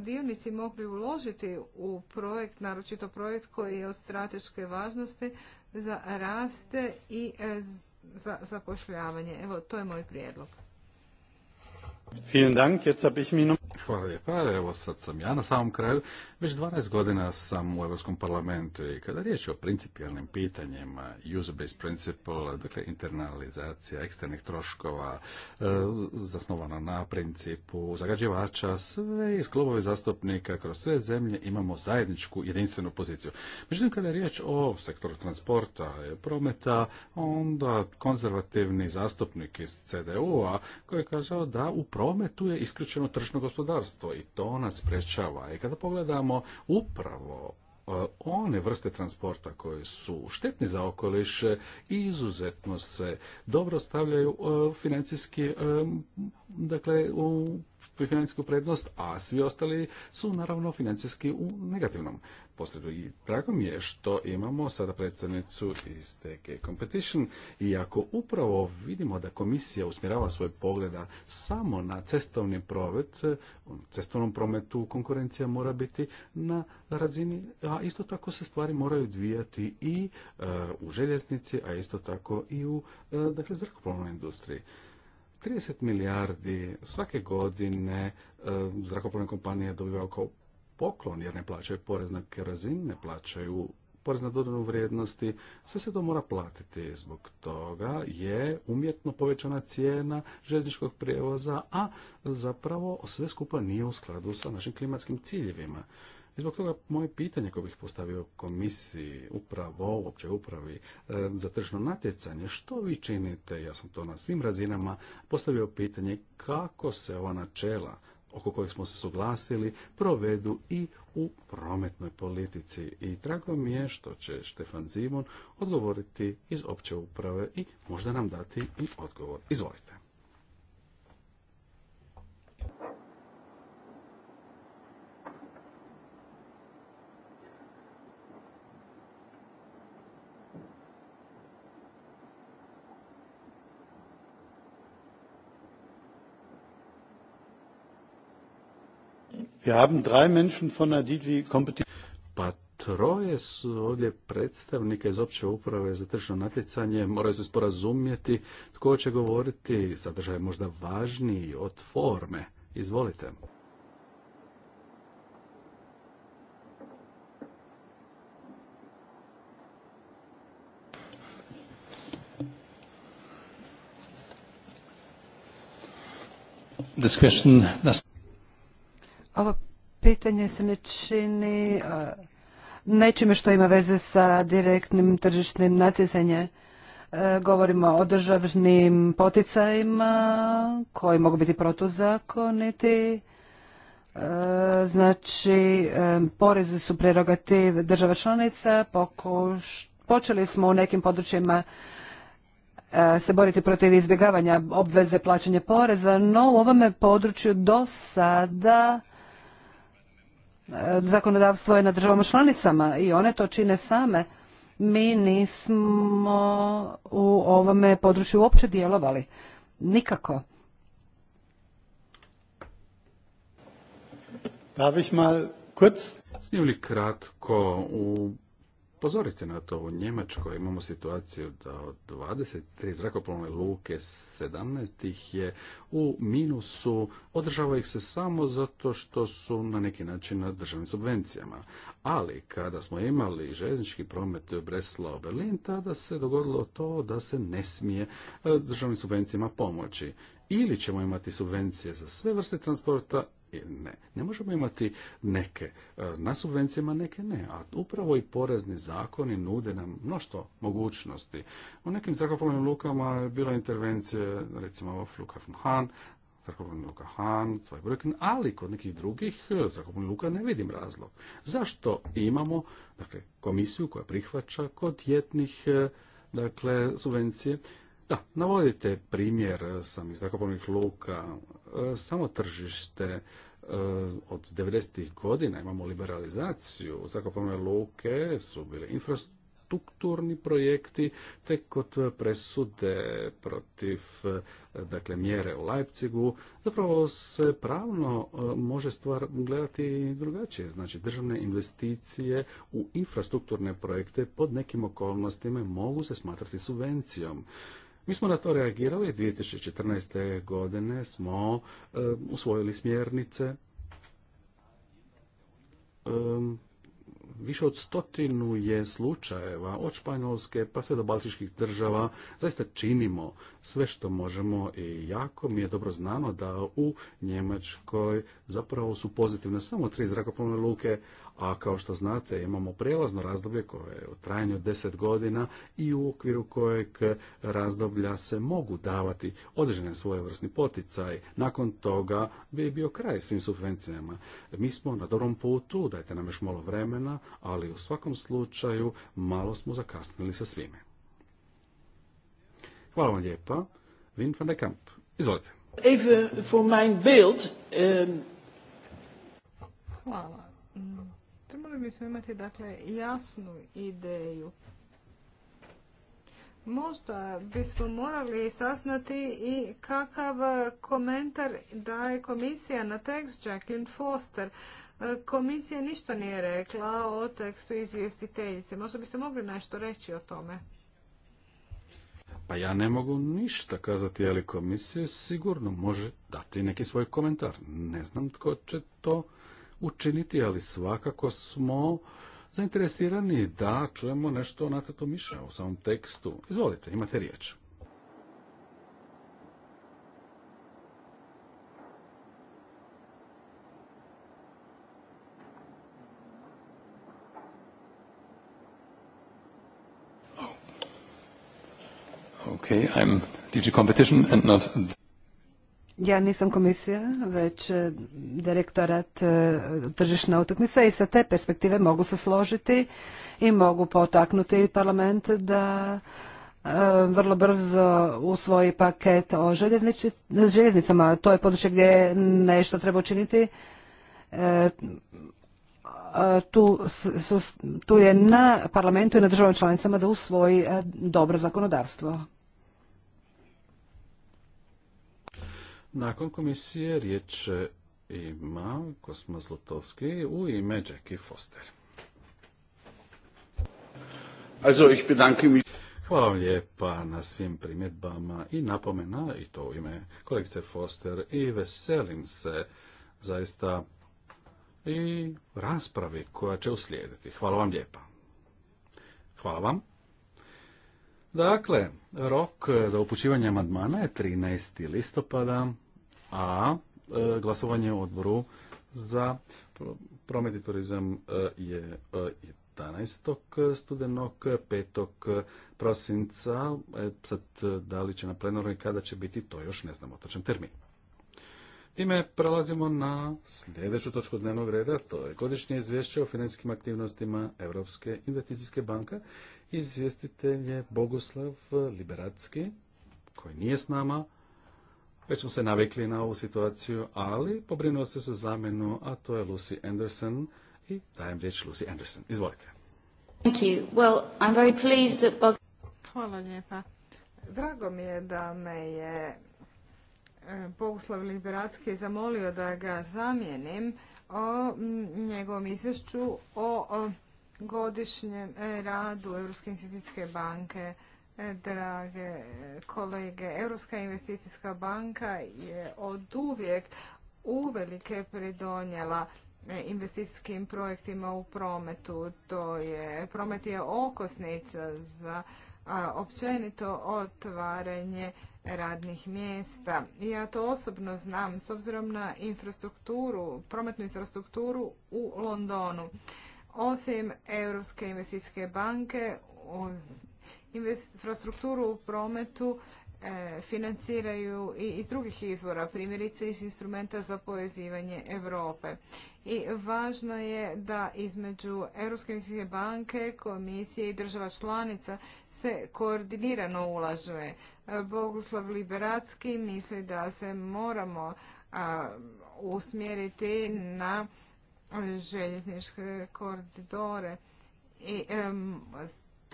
dionici mogli uložiti u projekt, naročito projekt koji je od strateške važnosti za raste i za zapošljavanje. Evo, to je moj prijedlog. Hvala lijepa. Evo sad sam ja na samom kraju. Već 12 godina sam u Europskom parlamentu i kada je riječ o principijalnim pitanjima, user-based principle, dakle internalizacija eksternih troškova, e, zasnovana na principu zagađivača, sve iz klubovi zastupnika kroz sve zemlje imamo zajedničku jedinstvenu poziciju. Međutim, kada je riječ o sektoru transporta, i prometa, onda konzervativni zastupnik iz CDU-a koji je kazao da u prometu je isključeno tržno gospodarstvo i to nas sprečava. I kada pogledamo upravo e, one vrste transporta koje su štetni za okoliš i e, izuzetno se dobro stavljaju e, financijski, dakle, u financijsku prednost, a svi ostali su naravno financijski u negativnom i Drago mi je što imamo sada predstavnicu iz TK Competition i ako upravo vidimo da komisija usmjerava svoj pogleda samo na cestovni promet, u cestovnom prometu konkurencija mora biti na razini, a isto tako se stvari moraju dvijati i e, u željeznici, a isto tako i u e, dakle, zrakoplovnoj industriji. 30 milijardi svake godine e, zrakoplovne kompanije dobiva oko poklon jer ne plaćaju porez na kerozin, ne plaćaju porez na dodanu vrijednosti, sve se to mora platiti. Zbog toga je umjetno povećana cijena željezničkog prijevoza, a zapravo sve skupa nije u skladu sa našim klimatskim ciljevima. I zbog toga moje pitanje koje bih postavio komisiji, upravo, uopće upravi e, za tržno natjecanje, što vi činite, ja sam to na svim razinama postavio pitanje, kako se ova načela oko kojih smo se suglasili provedu i u prometnoj politici. I drago mi je što će Štefan Zimon odgovoriti iz opće uprave i možda nam dati i odgovor. Izvolite. Pa troje su ovdje predstavnika iz opće uprave za tržno natjecanje. Moraju se sporazumjeti tko će govoriti. Sadržaj je možda važniji od forme. Izvolite. Ovo pitanje se ne čini nečime što ima veze sa direktnim tržišnim natjecanjem. E, govorimo o državnim poticajima koji mogu biti protuzakoniti. E, znači, e, porezi su prerogativ država članica. Počeli smo u nekim područjima se boriti protiv izbjegavanja obveze plaćanja poreza, no u ovome području do sada zakonodavstvo je na državama članicama i one to čine same. Mi nismo u ovome području uopće djelovali. Nikako. Darf ich mal kurz? Snijem kratko u upozorite na to. U Njemačkoj imamo situaciju da od 23 zrakoplovne luke, 17 ih je u minusu. Održava ih se samo zato što su na neki način na državnim subvencijama. Ali kada smo imali željeznički promet Breslau Berlin, tada se dogodilo to da se ne smije e, državnim subvencijama pomoći. Ili ćemo imati subvencije za sve vrste transporta E, ne. Ne možemo imati neke e, na subvencijama, neke ne. A upravo i porezni zakoni nude nam mnošto mogućnosti. U nekim zrakoplovnim lukama je bila intervencija, recimo Flughafen Han, zrakoplovni luka Han, Zweibrücken, ali kod nekih drugih e, zrakoplovnih luka ne vidim razlog. Zašto imamo dakle, komisiju koja prihvaća kod jednih dakle, subvencije, da, navodite primjer e, sam iz zrakoplovnih luka, e, samo tržište e, od 90. godina imamo liberalizaciju. Zrakoplovne luke su bile infrastrukturni projekti, te kod presude protiv dakle, mjere u Leipzigu, zapravo se pravno može stvar gledati drugačije. Znači, državne investicije u infrastrukturne projekte pod nekim okolnostima mogu se smatrati subvencijom. Mi smo na to reagirali, 2014. godine smo e, usvojili smjernice. E, više od stotinu je slučajeva od Španjolske pa sve do baltičkih država. Zaista činimo sve što možemo i jako mi je dobro znano da u Njemačkoj zapravo su pozitivne samo tri zrakoplovne luke, a kao što znate imamo prijelazno razdoblje koje je u trajanju deset godina i u okviru kojeg razdoblja se mogu davati određene svojevrsni poticaj. Nakon toga bi bio kraj svim subvencijama. Mi smo na dobrom putu, dajte nam još malo vremena, ali u svakom slučaju malo smo zakasnili sa svime. Hvala vam lijepa. Wim van de Kamp, izvolite. Even mijn beeld. Um... Hvala. Mm, Trebali bismo imati dakle jasnu ideju. Možda bismo morali saznati i kakav komentar daje komisija na tekst Jacqueline Foster. Komisija ništa nije rekla o tekstu izvjestiteljice. Možda se mogli nešto reći o tome? Pa ja ne mogu ništa kazati, ali komisija sigurno može dati neki svoj komentar. Ne znam tko će to učiniti, ali svakako smo zainteresirani da čujemo nešto o nacrtu miša u samom tekstu. Izvolite, imate riječ. Oh. Okay, I'm DJ Competition and ja nisam komisija, već e, direktorat e, tržišna utakmica i sa te perspektive mogu se složiti i mogu potaknuti parlament da e, vrlo brzo usvoji paket o željeznicama. To je područje gdje nešto treba učiniti. Tu, tu je na parlamentu i na državama članicama da usvoji dobro zakonodavstvo. Nakon komisije riječ ima Kosma Zlotovski u ime Jackie Foster. Also, ich bedanke mich. Hvala vam lijepa na svim primjedbama i napomena, i to u ime kolegice Foster, i veselim se zaista i raspravi koja će uslijediti. Hvala vam lijepa. Hvala vam. Dakle, rok za upućivanje amandmana je 13. listopada a e, glasovanje u odboru za promet i turizam e, je 11. E, studenog, 5. prosinca. Sad, da li će na plenarnoj kada će biti, to još ne znamo točan termin. Time prelazimo na sljedeću točku dnevnog reda, to je godišnje izvješće o financijskim aktivnostima Europske investicijske banke. Izvjestitelj je Boguslav Liberacki, koji nije s nama, već smo se navikli na ovu situaciju, ali pobrinuo se za zamjenu, a to je Lucy Anderson i dajem riječ Lucy Anderson. Izvolite. Hvala lijepa. Drago mi je da me je e, Boguslav Liberacki zamolio da ga zamijenim o njegovom izvješću o godišnjem e, radu Europske investicijske banke E, drage kolege. Europska investicijska banka je od uvijek uvelike pridonjela e, investicijskim projektima u prometu. To je, promet je okosnica za općenito otvaranje radnih mjesta. Ja to osobno znam s obzirom na infrastrukturu, prometnu infrastrukturu u Londonu. Osim Europske investicijske banke, infrastrukturu u prometu e, financiraju i iz drugih izvora, primjerice iz instrumenta za povezivanje Europe. I važno je da između Europske investicijske banke, komisije i država članica se koordinirano ulaže. Boguslav Liberacki misli da se moramo usmjeriti na željezničke koridore i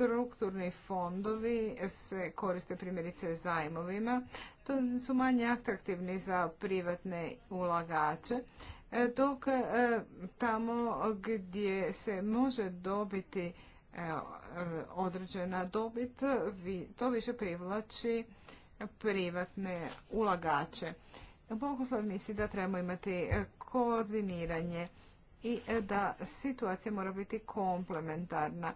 strukturni fondovi se koriste primjerice zajmovima. To su manje atraktivni za privatne ulagače, e, dok e, tamo gdje se može dobiti e, određena dobit, to više privlači privatne ulagače. Bogoslav misli da trebamo imati koordiniranje i e, da situacija mora biti komplementarna.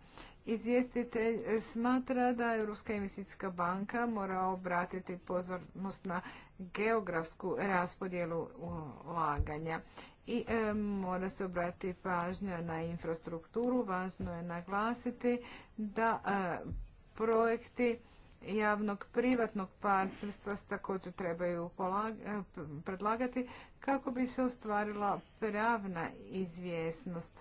Izvjestitelj smatra da Europska investicijska banka mora obratiti pozornost na geografsku raspodjelu ulaganja i e, mora se obratiti pažnja na infrastrukturu. Važno je naglasiti da e, projekti javnog privatnog partnerstva također trebaju predlagati kako bi se ostvarila pravna izvjesnost.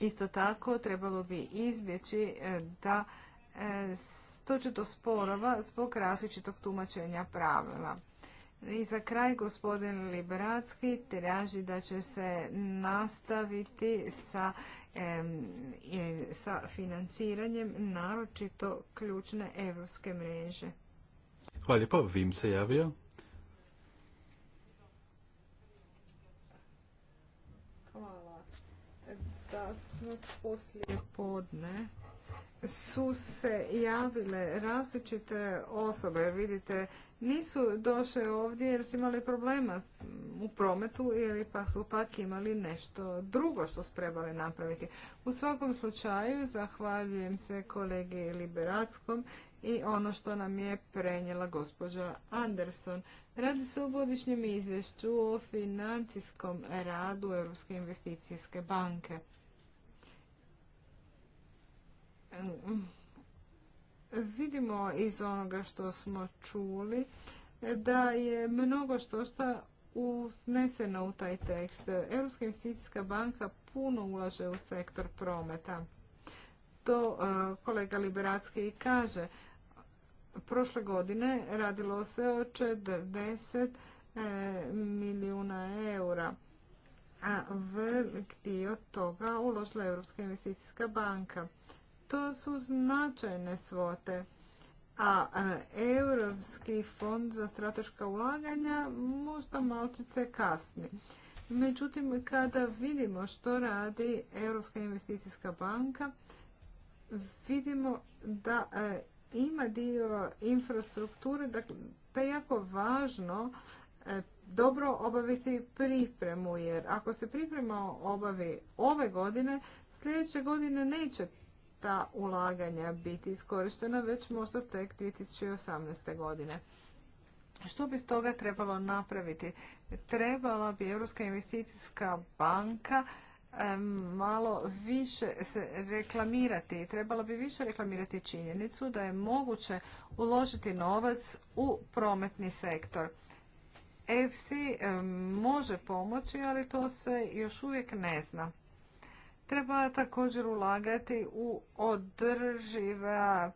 Isto tako trebalo bi izbjeći e, da stoče e, do sporova zbog različitog tumačenja pravila. I za kraj gospodin Liberacki traži da će se nastaviti sa, sa financiranjem naročito ključne evropske mreže. Hvala lijepo, Vim se javio. poslije podne su se javile različite osobe. Vidite, nisu došle ovdje jer su imali problema u prometu ili pa su pak imali nešto drugo što su trebali napraviti. U svakom slučaju zahvaljujem se kolegi Liberackom i ono što nam je prenijela gospođa Anderson. Radi se o godišnjem izvješću o financijskom radu Europske investicijske banke vidimo iz onoga što smo čuli da je mnogo što što uneseno u taj tekst. Europska investicijska banka puno ulaže u sektor prometa. To e, kolega Liberatski i kaže. Prošle godine radilo se o 40 e, milijuna eura, a velik dio toga uložila Europska investicijska banka. To su značajne svote. A Europski fond za strateška ulaganja možda malčice kasni. Međutim, kada vidimo što radi Europska investicijska banka, vidimo da e, ima dio infrastrukture, dakle, je jako važno e, dobro obaviti pripremu, jer ako se priprema obavi ove godine, sljedeće godine neće ta ulaganja biti iskorištena već možda tek 2018. godine. Što bi toga trebalo napraviti? Trebala bi Europska investicijska banka malo više se reklamirati. Trebalo bi više reklamirati činjenicu da je moguće uložiti novac u prometni sektor. EFSI može pomoći, ali to se još uvijek ne zna. Treba također ulagati u održiva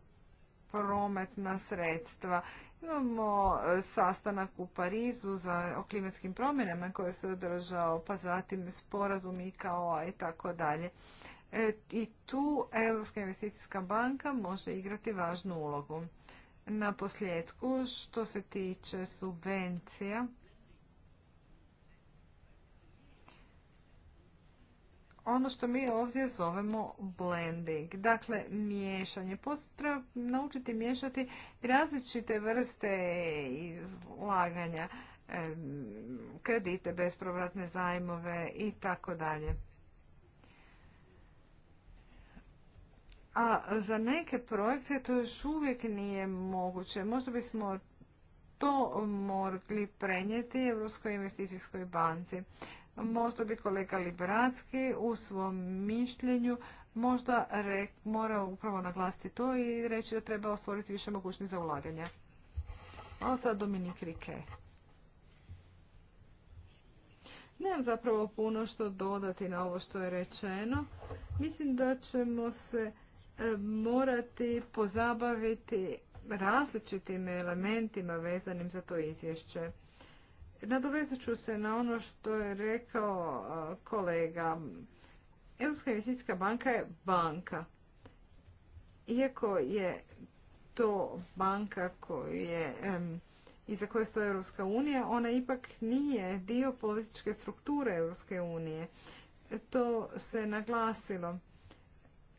prometna sredstva. Imamo e, sastanak u Parizu za, o klimatskim promjenama koje se održao, pa zatim sporazum i kao i tako dalje. E, I tu Europska investicijska banka može igrati važnu ulogu. Na posljedku, što se tiče subvencija, ono što mi ovdje zovemo blending. Dakle, miješanje. Poslije treba naučiti miješati različite vrste izlaganja, kredite, bespovratne zajmove i tako dalje. A za neke projekte to još uvijek nije moguće. Možda bismo to mogli prenijeti Europskoj investicijskoj banci. Možda bi kolega Liberacki u svom mišljenju možda mora upravo naglasiti to i reći da treba ostvoriti više mogućnosti za ulaganje. Hvala sad Dominik Rike. Nemam zapravo puno što dodati na ovo što je rečeno. Mislim da ćemo se e, morati pozabaviti različitim elementima vezanim za to izvješće. Nadovezat ću se na ono što je rekao kolega. Europska investicijska banka je banka. Iako je to banka je, iza koje stoje Europska unija, ona ipak nije dio političke strukture Europske unije. To se naglasilo.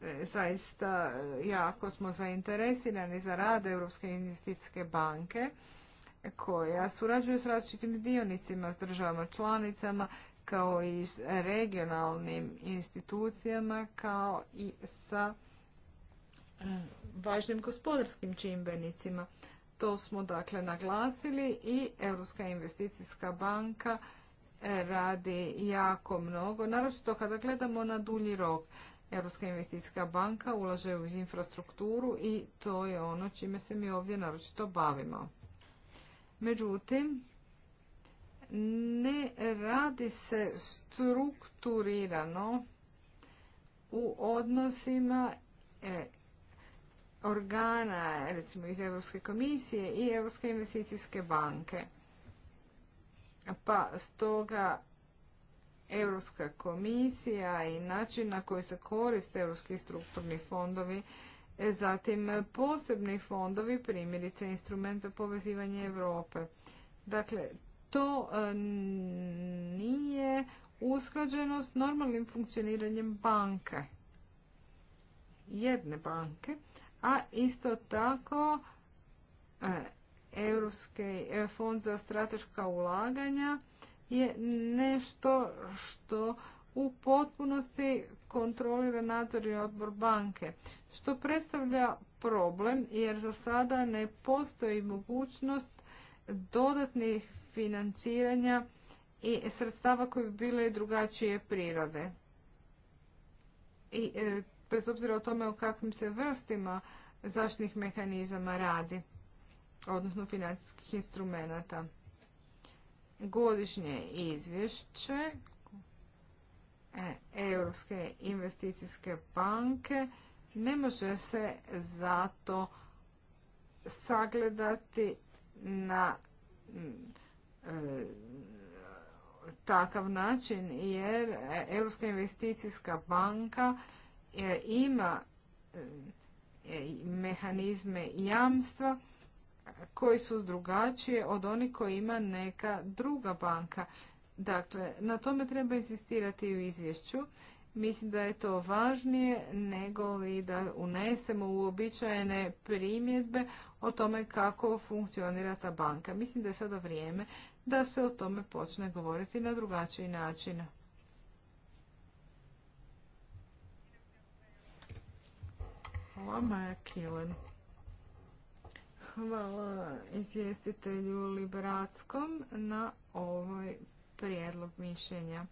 E, zaista e, jako smo zainteresirani za rad Europske investicijske banke koja surađuje s različitim dionicima, s državama članicama, kao i s regionalnim institucijama, kao i sa mm, važnim gospodarskim čimbenicima. To smo dakle naglasili i Europska investicijska banka e, radi jako mnogo, naročito kada gledamo na dulji rok. Europska investicijska banka ulaže u infrastrukturu i to je ono čime se mi ovdje naročito bavimo. Međutim, ne radi se strukturirano u odnosima e, organa, recimo iz Europske komisije i Europske investicijske banke. Pa stoga Europska komisija i način na koji se koriste europski strukturni fondovi E, zatim posebni fondovi, primjerice instrument za povezivanje Europe. Dakle, to e, nije usklađeno s normalnim funkcioniranjem banke, jedne banke, a isto tako e, Europski fond za strateška ulaganja je nešto što u potpunosti kontrolira i odbor banke, što predstavlja problem jer za sada ne postoji mogućnost dodatnih financiranja i sredstava koje bi bile drugačije prirode. I e, bez obzira o tome o kakvim se vrstima zaštitnih mehanizama radi, odnosno financijskih instrumenata. Godišnje izvješće E, Europske investicijske banke ne može se zato sagledati na e, takav način jer Europska investicijska banka e, ima mehanizme jamstva koji su drugačije od onih koji ima neka druga banka Dakle, na tome treba insistirati u izvješću. Mislim da je to važnije nego li da unesemo uobičajene primjedbe o tome kako funkcionira ta banka. Mislim da je sada vrijeme da se o tome počne govoriti na drugačiji način. Hvala Maja Kilen. Hvala izvjestitelju Liberackom na ovoj prijedlog mišljenja.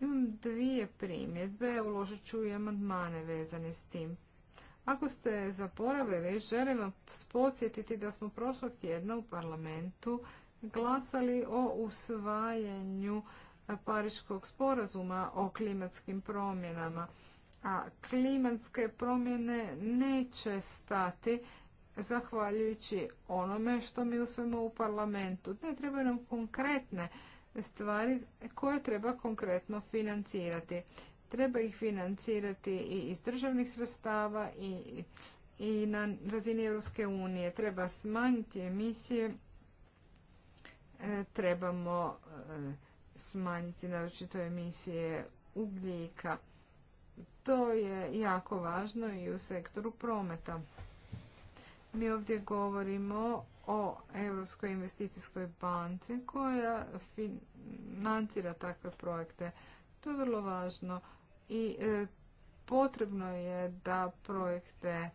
Imam dvije primjedbe, uložit ću i amandmane vezane s tim. Ako ste zaboravili, želim vas podsjetiti da smo prošlog tjedna u parlamentu glasali o usvajanju Pariškog sporazuma o klimatskim promjenama. A klimatske promjene neće stati zahvaljujući onome što mi usvojimo u parlamentu. Ne trebaju nam konkretne stvari koje treba konkretno financirati. Treba ih financirati i iz državnih sredstava i, i na razini Europske unije. Treba smanjiti emisije, e, trebamo e, smanjiti naročito emisije ugljika. To je jako važno i u sektoru prometa. Mi ovdje govorimo o Europskoj investicijskoj banci koja financira takve projekte. To je vrlo važno i e, potrebno je da projekte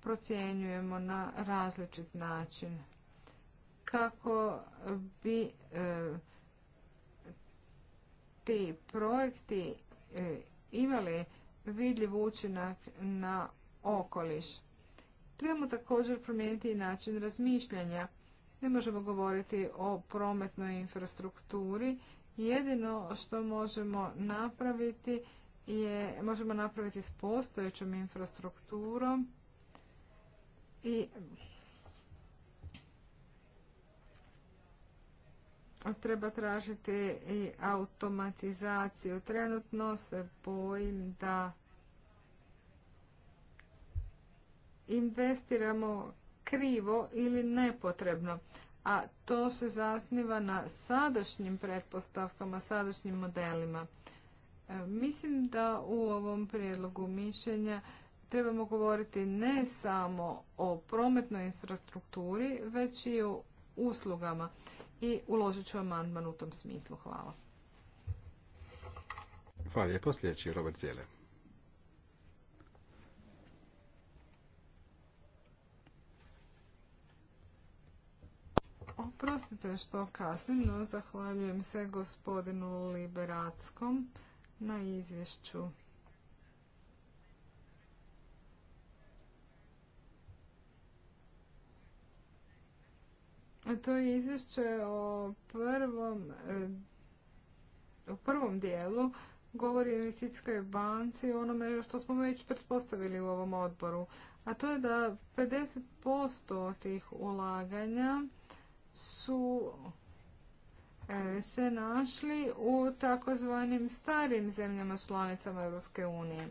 procjenjujemo na različit način kako bi e, ti projekti e, imali vidljiv učinak na okoliš. Trebamo također promijeniti i način razmišljanja. Ne možemo govoriti o prometnoj infrastrukturi. Jedino što možemo napraviti je, možemo napraviti s postojećom infrastrukturom i treba tražiti i automatizaciju. Trenutno se bojim da investiramo krivo ili nepotrebno, a to se zasniva na sadašnjim pretpostavkama, sadašnjim modelima. E, mislim da u ovom prijedlogu mišljenja trebamo govoriti ne samo o prometnoj infrastrukturi, već i o uslugama. I uložit ću amandman u tom smislu. Hvala. Hvala Oprostite što kasnim, no zahvaljujem se gospodinu Liberackom na izvješću. To je izvješće o prvom, e, o prvom dijelu govori o investicijskoj banci, onome što smo već pretpostavili u ovom odboru. A to je da 50% tih ulaganja su e, se našli u takozvanim starim zemljama članicama Europske unije.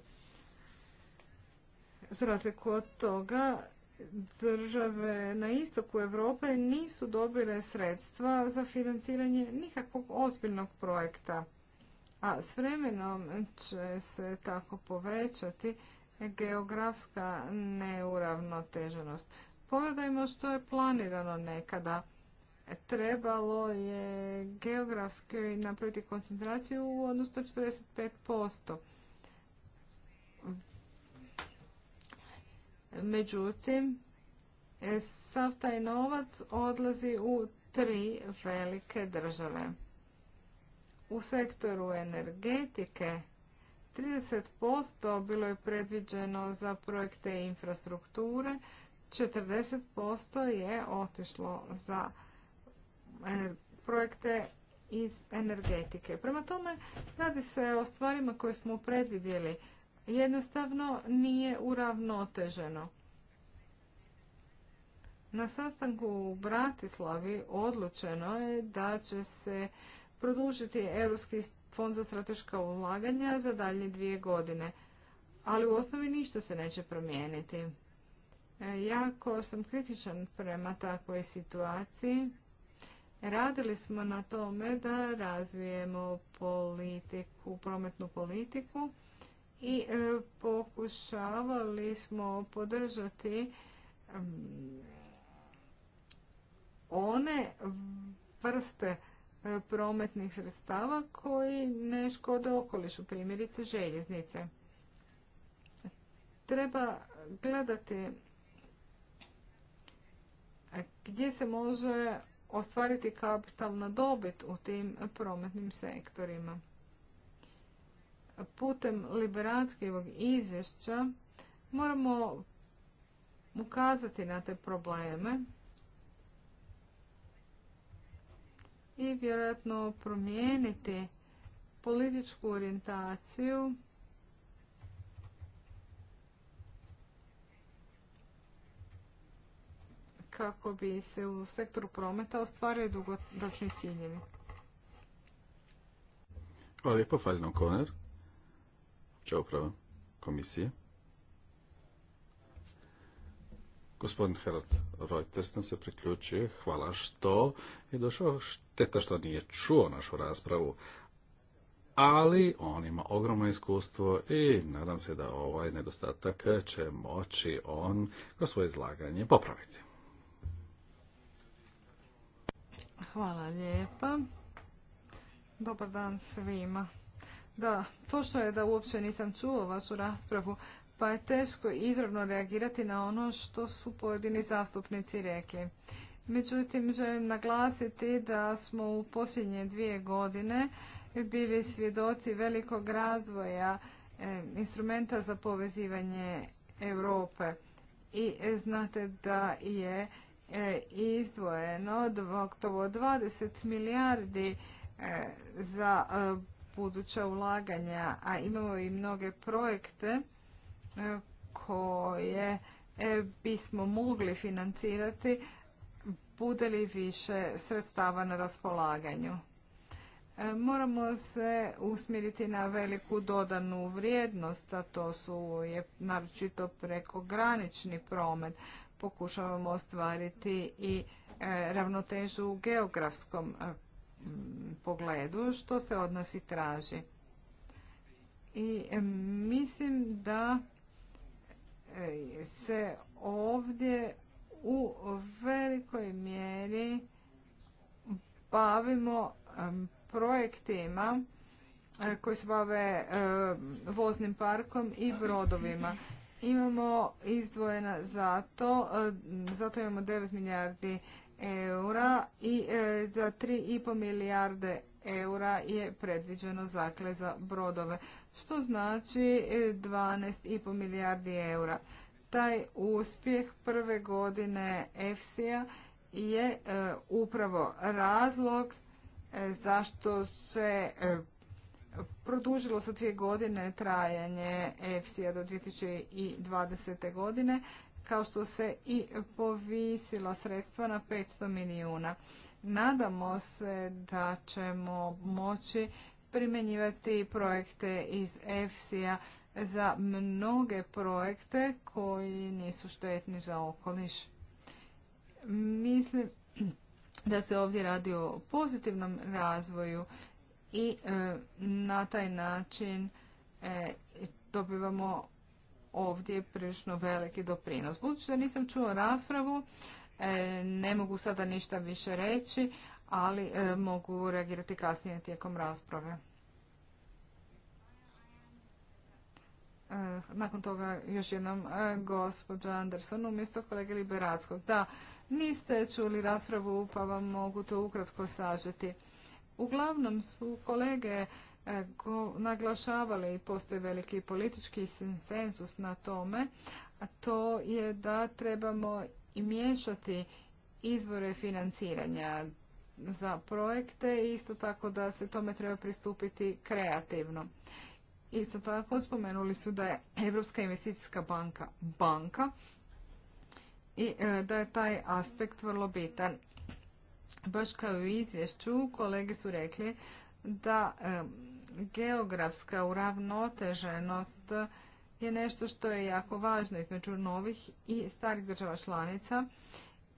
Za razliku od toga, države na istoku Europe nisu dobile sredstva za financiranje nikakvog ozbiljnog projekta. A s vremenom će se tako povećati geografska neuravnoteženost. Pogledajmo što je planirano nekada trebalo je geografske napraviti koncentraciju u odnosno 45%. Međutim, sav taj novac odlazi u tri velike države. U sektoru energetike 30% bilo je predviđeno za projekte infrastrukture, 40% je otišlo za E, projekte iz energetike. Prema tome, radi se o stvarima koje smo predvidjeli. Jednostavno nije uravnoteženo. Na sastanku u Bratislavi odlučeno je da će se produžiti Europski fond za strateška ulaganja za dalje dvije godine. Ali u osnovi ništa se neće promijeniti. E, jako sam kritičan prema takvoj situaciji Radili smo na tome da razvijemo politiku, prometnu politiku i e, pokušavali smo podržati one vrste e, prometnih sredstava koji ne škode okolišu, primjerice željeznice. Treba gledati gdje se može ostvariti kapitalna dobit u tim prometnim sektorima. Putem liberanskog izvješća moramo ukazati na te probleme i vjerojatno promijeniti političku orijentaciju kako bi se u sektoru prometa ostvarili dugoročni ciljevi. Hvala lijepo, Faljno Koner. Čao pravo komisije. Gospodin Herod Reuters nam se priključio. Hvala što je došao. Šteta što nije čuo našu raspravu. Ali on ima ogromno iskustvo i nadam se da ovaj nedostatak će moći on kroz svoje izlaganje popraviti. Hvala lijepa. Dobar dan svima. Da, točno je da uopće nisam čuo vašu raspravu, pa je teško izravno reagirati na ono što su pojedini zastupnici rekli. Međutim, želim naglasiti da smo u posljednje dvije godine bili svjedoci velikog razvoja e, instrumenta za povezivanje Europe. I znate da je E, izdvojeno gotovo 20 milijardi e, za e, buduća ulaganja, a imamo i mnoge projekte koje bismo mogli financirati bude li više sredstava na raspolaganju. Moramo se usmjeriti na veliku dodanu vrijednost, a to su je naročito prekogranični promet pokušavamo ostvariti i e, ravnotežu u geografskom e, pogledu što se od nas i traži. I e, mislim da se ovdje u velikoj mjeri bavimo projektima koji se bave voznim parkom i brodovima imamo izdvojena za to, e, zato imamo 9 milijardi eura i da e, 3,5 milijarde eura je predviđeno zakle za brodove, što znači 12,5 e, milijardi eura. Taj uspjeh prve godine EFSI-a je upravo razlog zašto se produžilo se dvije godine trajanje EFSI-a do 2020. godine, kao što se i povisila sredstva na 500 milijuna. Nadamo se da ćemo moći primjenjivati projekte iz EFSI-a za mnoge projekte koji nisu štetni za okoliš. Mislim da se ovdje radi o pozitivnom razvoju i e, na taj način e, dobivamo ovdje prilično veliki doprinos. Budući da nisam čuo raspravu, e, ne mogu sada ništa više reći, ali mogu reagirati kasnije tijekom rasprave. Nakon toga još jednom gospođa Anderson umjesto kolege Liberackog. Da, niste čuli raspravu pa vam mogu to ukratko sažeti. Uglavnom su kolege e, naglašavali i postoji veliki politički sensus na tome, a to je da trebamo i miješati izvore financiranja za projekte i isto tako da se tome treba pristupiti kreativno. Isto tako spomenuli su da je Europska investicijska banka banka i e, da je taj aspekt vrlo bitan baš kao i u izvješću, kolege su rekli da geografska uravnoteženost je nešto što je jako važno između novih i starih država članica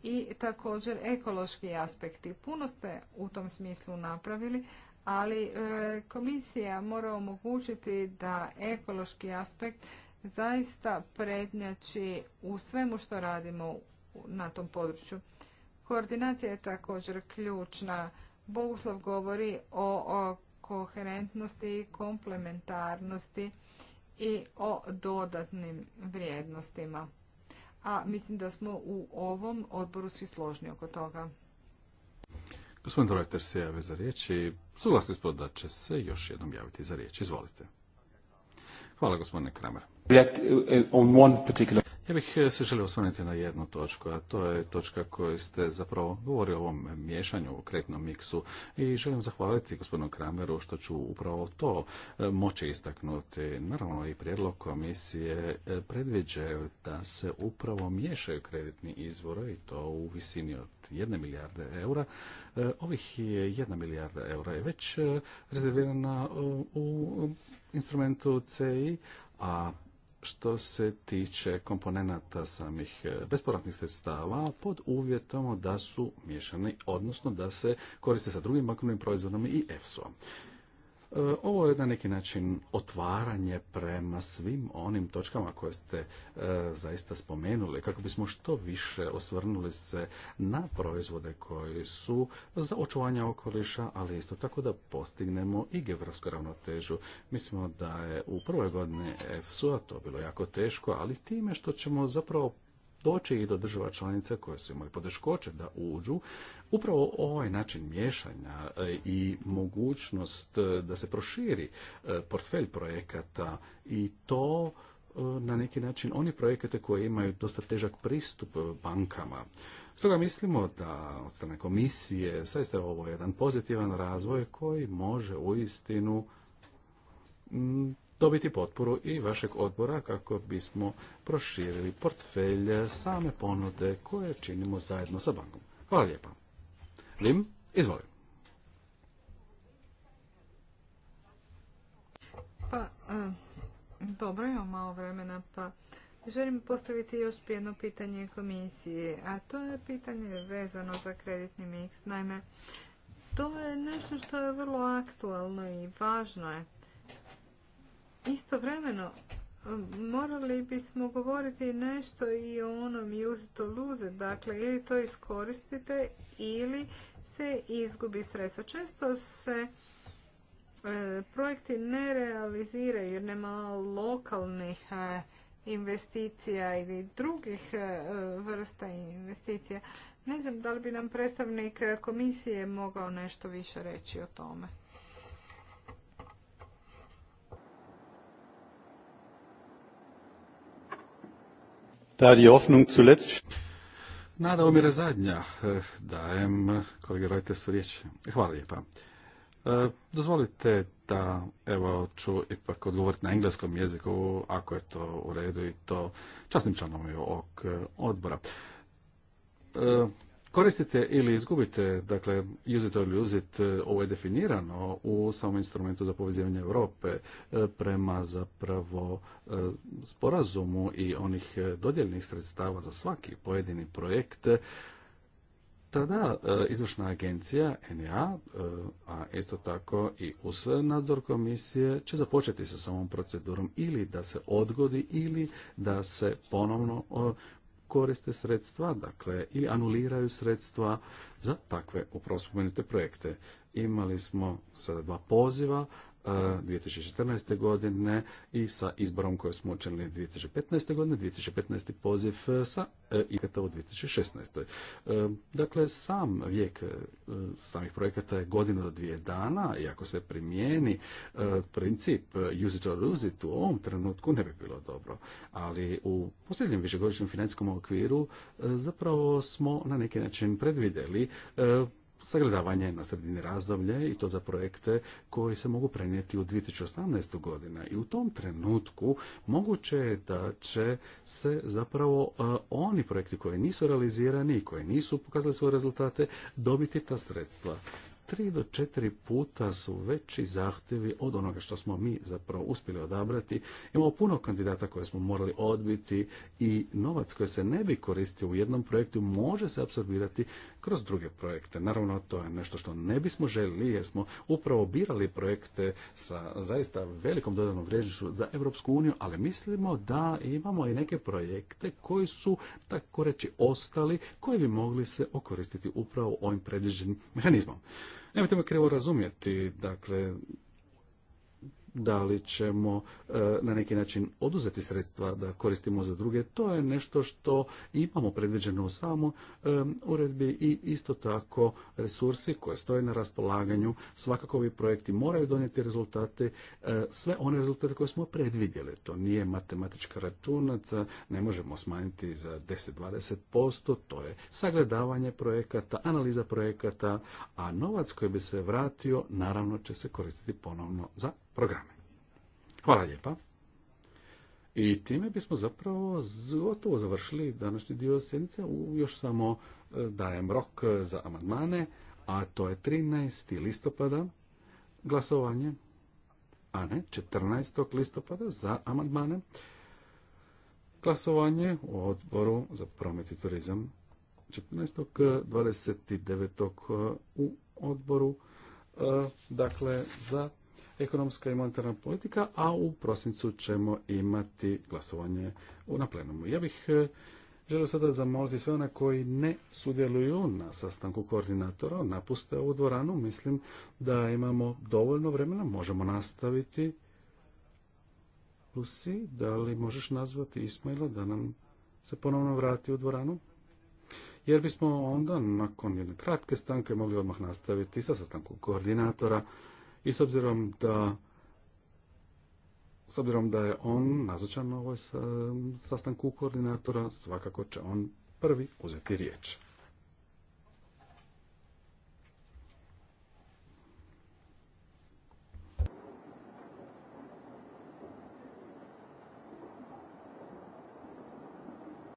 i također ekološki aspekti. Puno ste u tom smislu napravili, ali e, komisija mora omogućiti da ekološki aspekt zaista prednjači u svemu što radimo na tom području. Koordinacija je također ključna. Boguslav govori o, koherentnosti i komplementarnosti i o dodatnim vrijednostima. A mislim da smo u ovom odboru svi složni oko toga. Gospodin Reuter se za riječ i suglasni smo da će se još jednom javiti za riječ. Izvolite. Hvala gospodine Kramer. Uh, uh, ja bih eh, se želio osvrnuti na jednu točku, a to je točka koju ste zapravo govorili o ovom miješanju, o kretnom miksu i želim zahvaliti gospodinu Krameru što ću upravo to eh, moći istaknuti. Naravno i prijedlog komisije eh, predviđa da se upravo miješaju kreditni izvore i to u visini od jedne milijarde eura. Ovih jedna milijarda eura je već rezervirana u instrumentu CI, a što se tiče komponenata samih e, bespovratnih sredstava pod uvjetom da su miješani, odnosno da se koriste sa drugim bankovnim proizvodom i EFSO-om. E, ovo je na neki način otvaranje prema svim onim točkama koje ste e, zaista spomenuli, kako bismo što više osvrnuli se na proizvode koji su za očuvanje okoliša, ali isto tako da postignemo i geografsku ravnotežu. Mislimo da je u prvoj godini EFSU-a to bilo jako teško, ali time što ćemo zapravo doći i do država članica koje su imali poteškoće da uđu. Upravo ovaj način miješanja e, i mogućnost e, da se proširi e, portfelj projekata i to na neki način oni projekate koji imaju dosta težak pristup bankama. Stoga mislimo da od strane komisije zaista je ovo jedan pozitivan razvoj koji može uistinu dobiti potporu i vašeg odbora kako bismo proširili portfelj same ponude koje činimo zajedno sa bankom. Hvala lijepa. Lim, izvolim. Pa, e, dobro, malo vremena, pa želim postaviti još jedno pitanje komisiji, a to je pitanje vezano za kreditni miks. Naime, to je nešto što je vrlo aktualno i važno je. Istovremeno, morali bismo govoriti nešto i o onom use to lose, dakle ili to iskoristite ili se izgubi sredstva. Često se e, projekti ne realiziraju jer nema lokalnih e, investicija ili drugih e, vrsta investicija. Ne znam da li bi nam predstavnik komisije mogao nešto više reći o tome. Da die Hoffnung zuletzt... Nada umire zadnja. Eh, dajem kolege Rojte su riječ. Hvala lijepa. Eh, dozvolite da evo ću ipak odgovoriti na engleskom jeziku ako je to u redu i to časnim članom ovog eh, odbora koristite ili izgubite, dakle, use it or lose it, ovo je definirano u samom instrumentu za povezivanje Europe e, prema zapravo e, sporazumu i onih e, dodjelnih sredstava za svaki pojedini projekt, tada izvršna agencija NEA, a isto tako i uz nadzor komisije, će započeti sa samom procedurom ili da se odgodi ili da se ponovno koriste sredstva, dakle, ili anuliraju sredstva za takve upravo projekte. Imali smo sada dva poziva 2014. godine i sa izborom koje smo učinili 2015. godine, 2015. poziv e, sa e, ikata u 2016. E, dakle, sam vijek samih projekata je godina do dvije dana i ako se primijeni princip use it or lose it u ovom trenutku ne bi bilo dobro. Ali u posljednjem višegodišnjem financijskom okviru zapravo smo na neki način predvidjeli sagledavanje na sredini razdoblje i to za projekte koji se mogu prenijeti u 2018. godina. I u tom trenutku moguće je da će se zapravo e, oni projekti koji nisu realizirani i koji nisu pokazali svoje rezultate dobiti ta sredstva tri do četiri puta su veći zahtjevi od onoga što smo mi zapravo uspjeli odabrati. Imamo puno kandidata koje smo morali odbiti i novac koji se ne bi koristio u jednom projektu može se apsorbirati kroz druge projekte. Naravno, to je nešto što ne bismo željeli jer smo upravo birali projekte sa zaista velikom dodanom vrijednošću za Europsku uniju, ali mislimo da imamo i neke projekte koji su, tako reći, ostali, koji bi mogli se okoristiti upravo ovim predviđenim mehanizmom. Nemojte me krivo razumjeti, dakle, da li ćemo e, na neki način oduzeti sredstva da koristimo za druge, to je nešto što imamo predviđeno u samo e, uredbi i isto tako resursi koje stoje na raspolaganju. Svakako ovi projekti moraju donijeti rezultate, e, sve one rezultate koje smo predvidjeli. To nije matematička računaca, ne možemo smanjiti za 10-20%, to je sagledavanje projekata, analiza projekata, a novac koji bi se vratio naravno će se koristiti ponovno za programe. Hvala lijepa. I time bismo zapravo gotovo završili današnji dio sjednice. Još samo e, dajem rok e, za amandmane, a to je 13. listopada glasovanje, a ne 14. listopada za amandmane. Glasovanje u odboru za promet i turizam 14. 29. E, u odboru, dakle za ekonomska i monetarna politika, a u prosincu ćemo imati glasovanje na plenumu. Ja bih e, želio sada zamoliti sve one koji ne sudjeluju na sastanku koordinatora, napuste u dvoranu. Mislim da imamo dovoljno vremena, možemo nastaviti. Lucy, da li možeš nazvati Ismaila da nam se ponovno vrati u dvoranu? Jer bismo onda nakon jedne kratke stanke mogli odmah nastaviti sa sastankom koordinatora i s obzirom da s obzirom da je on nazočan na ovoj e, sastanku koordinatora, svakako će on prvi uzeti riječ.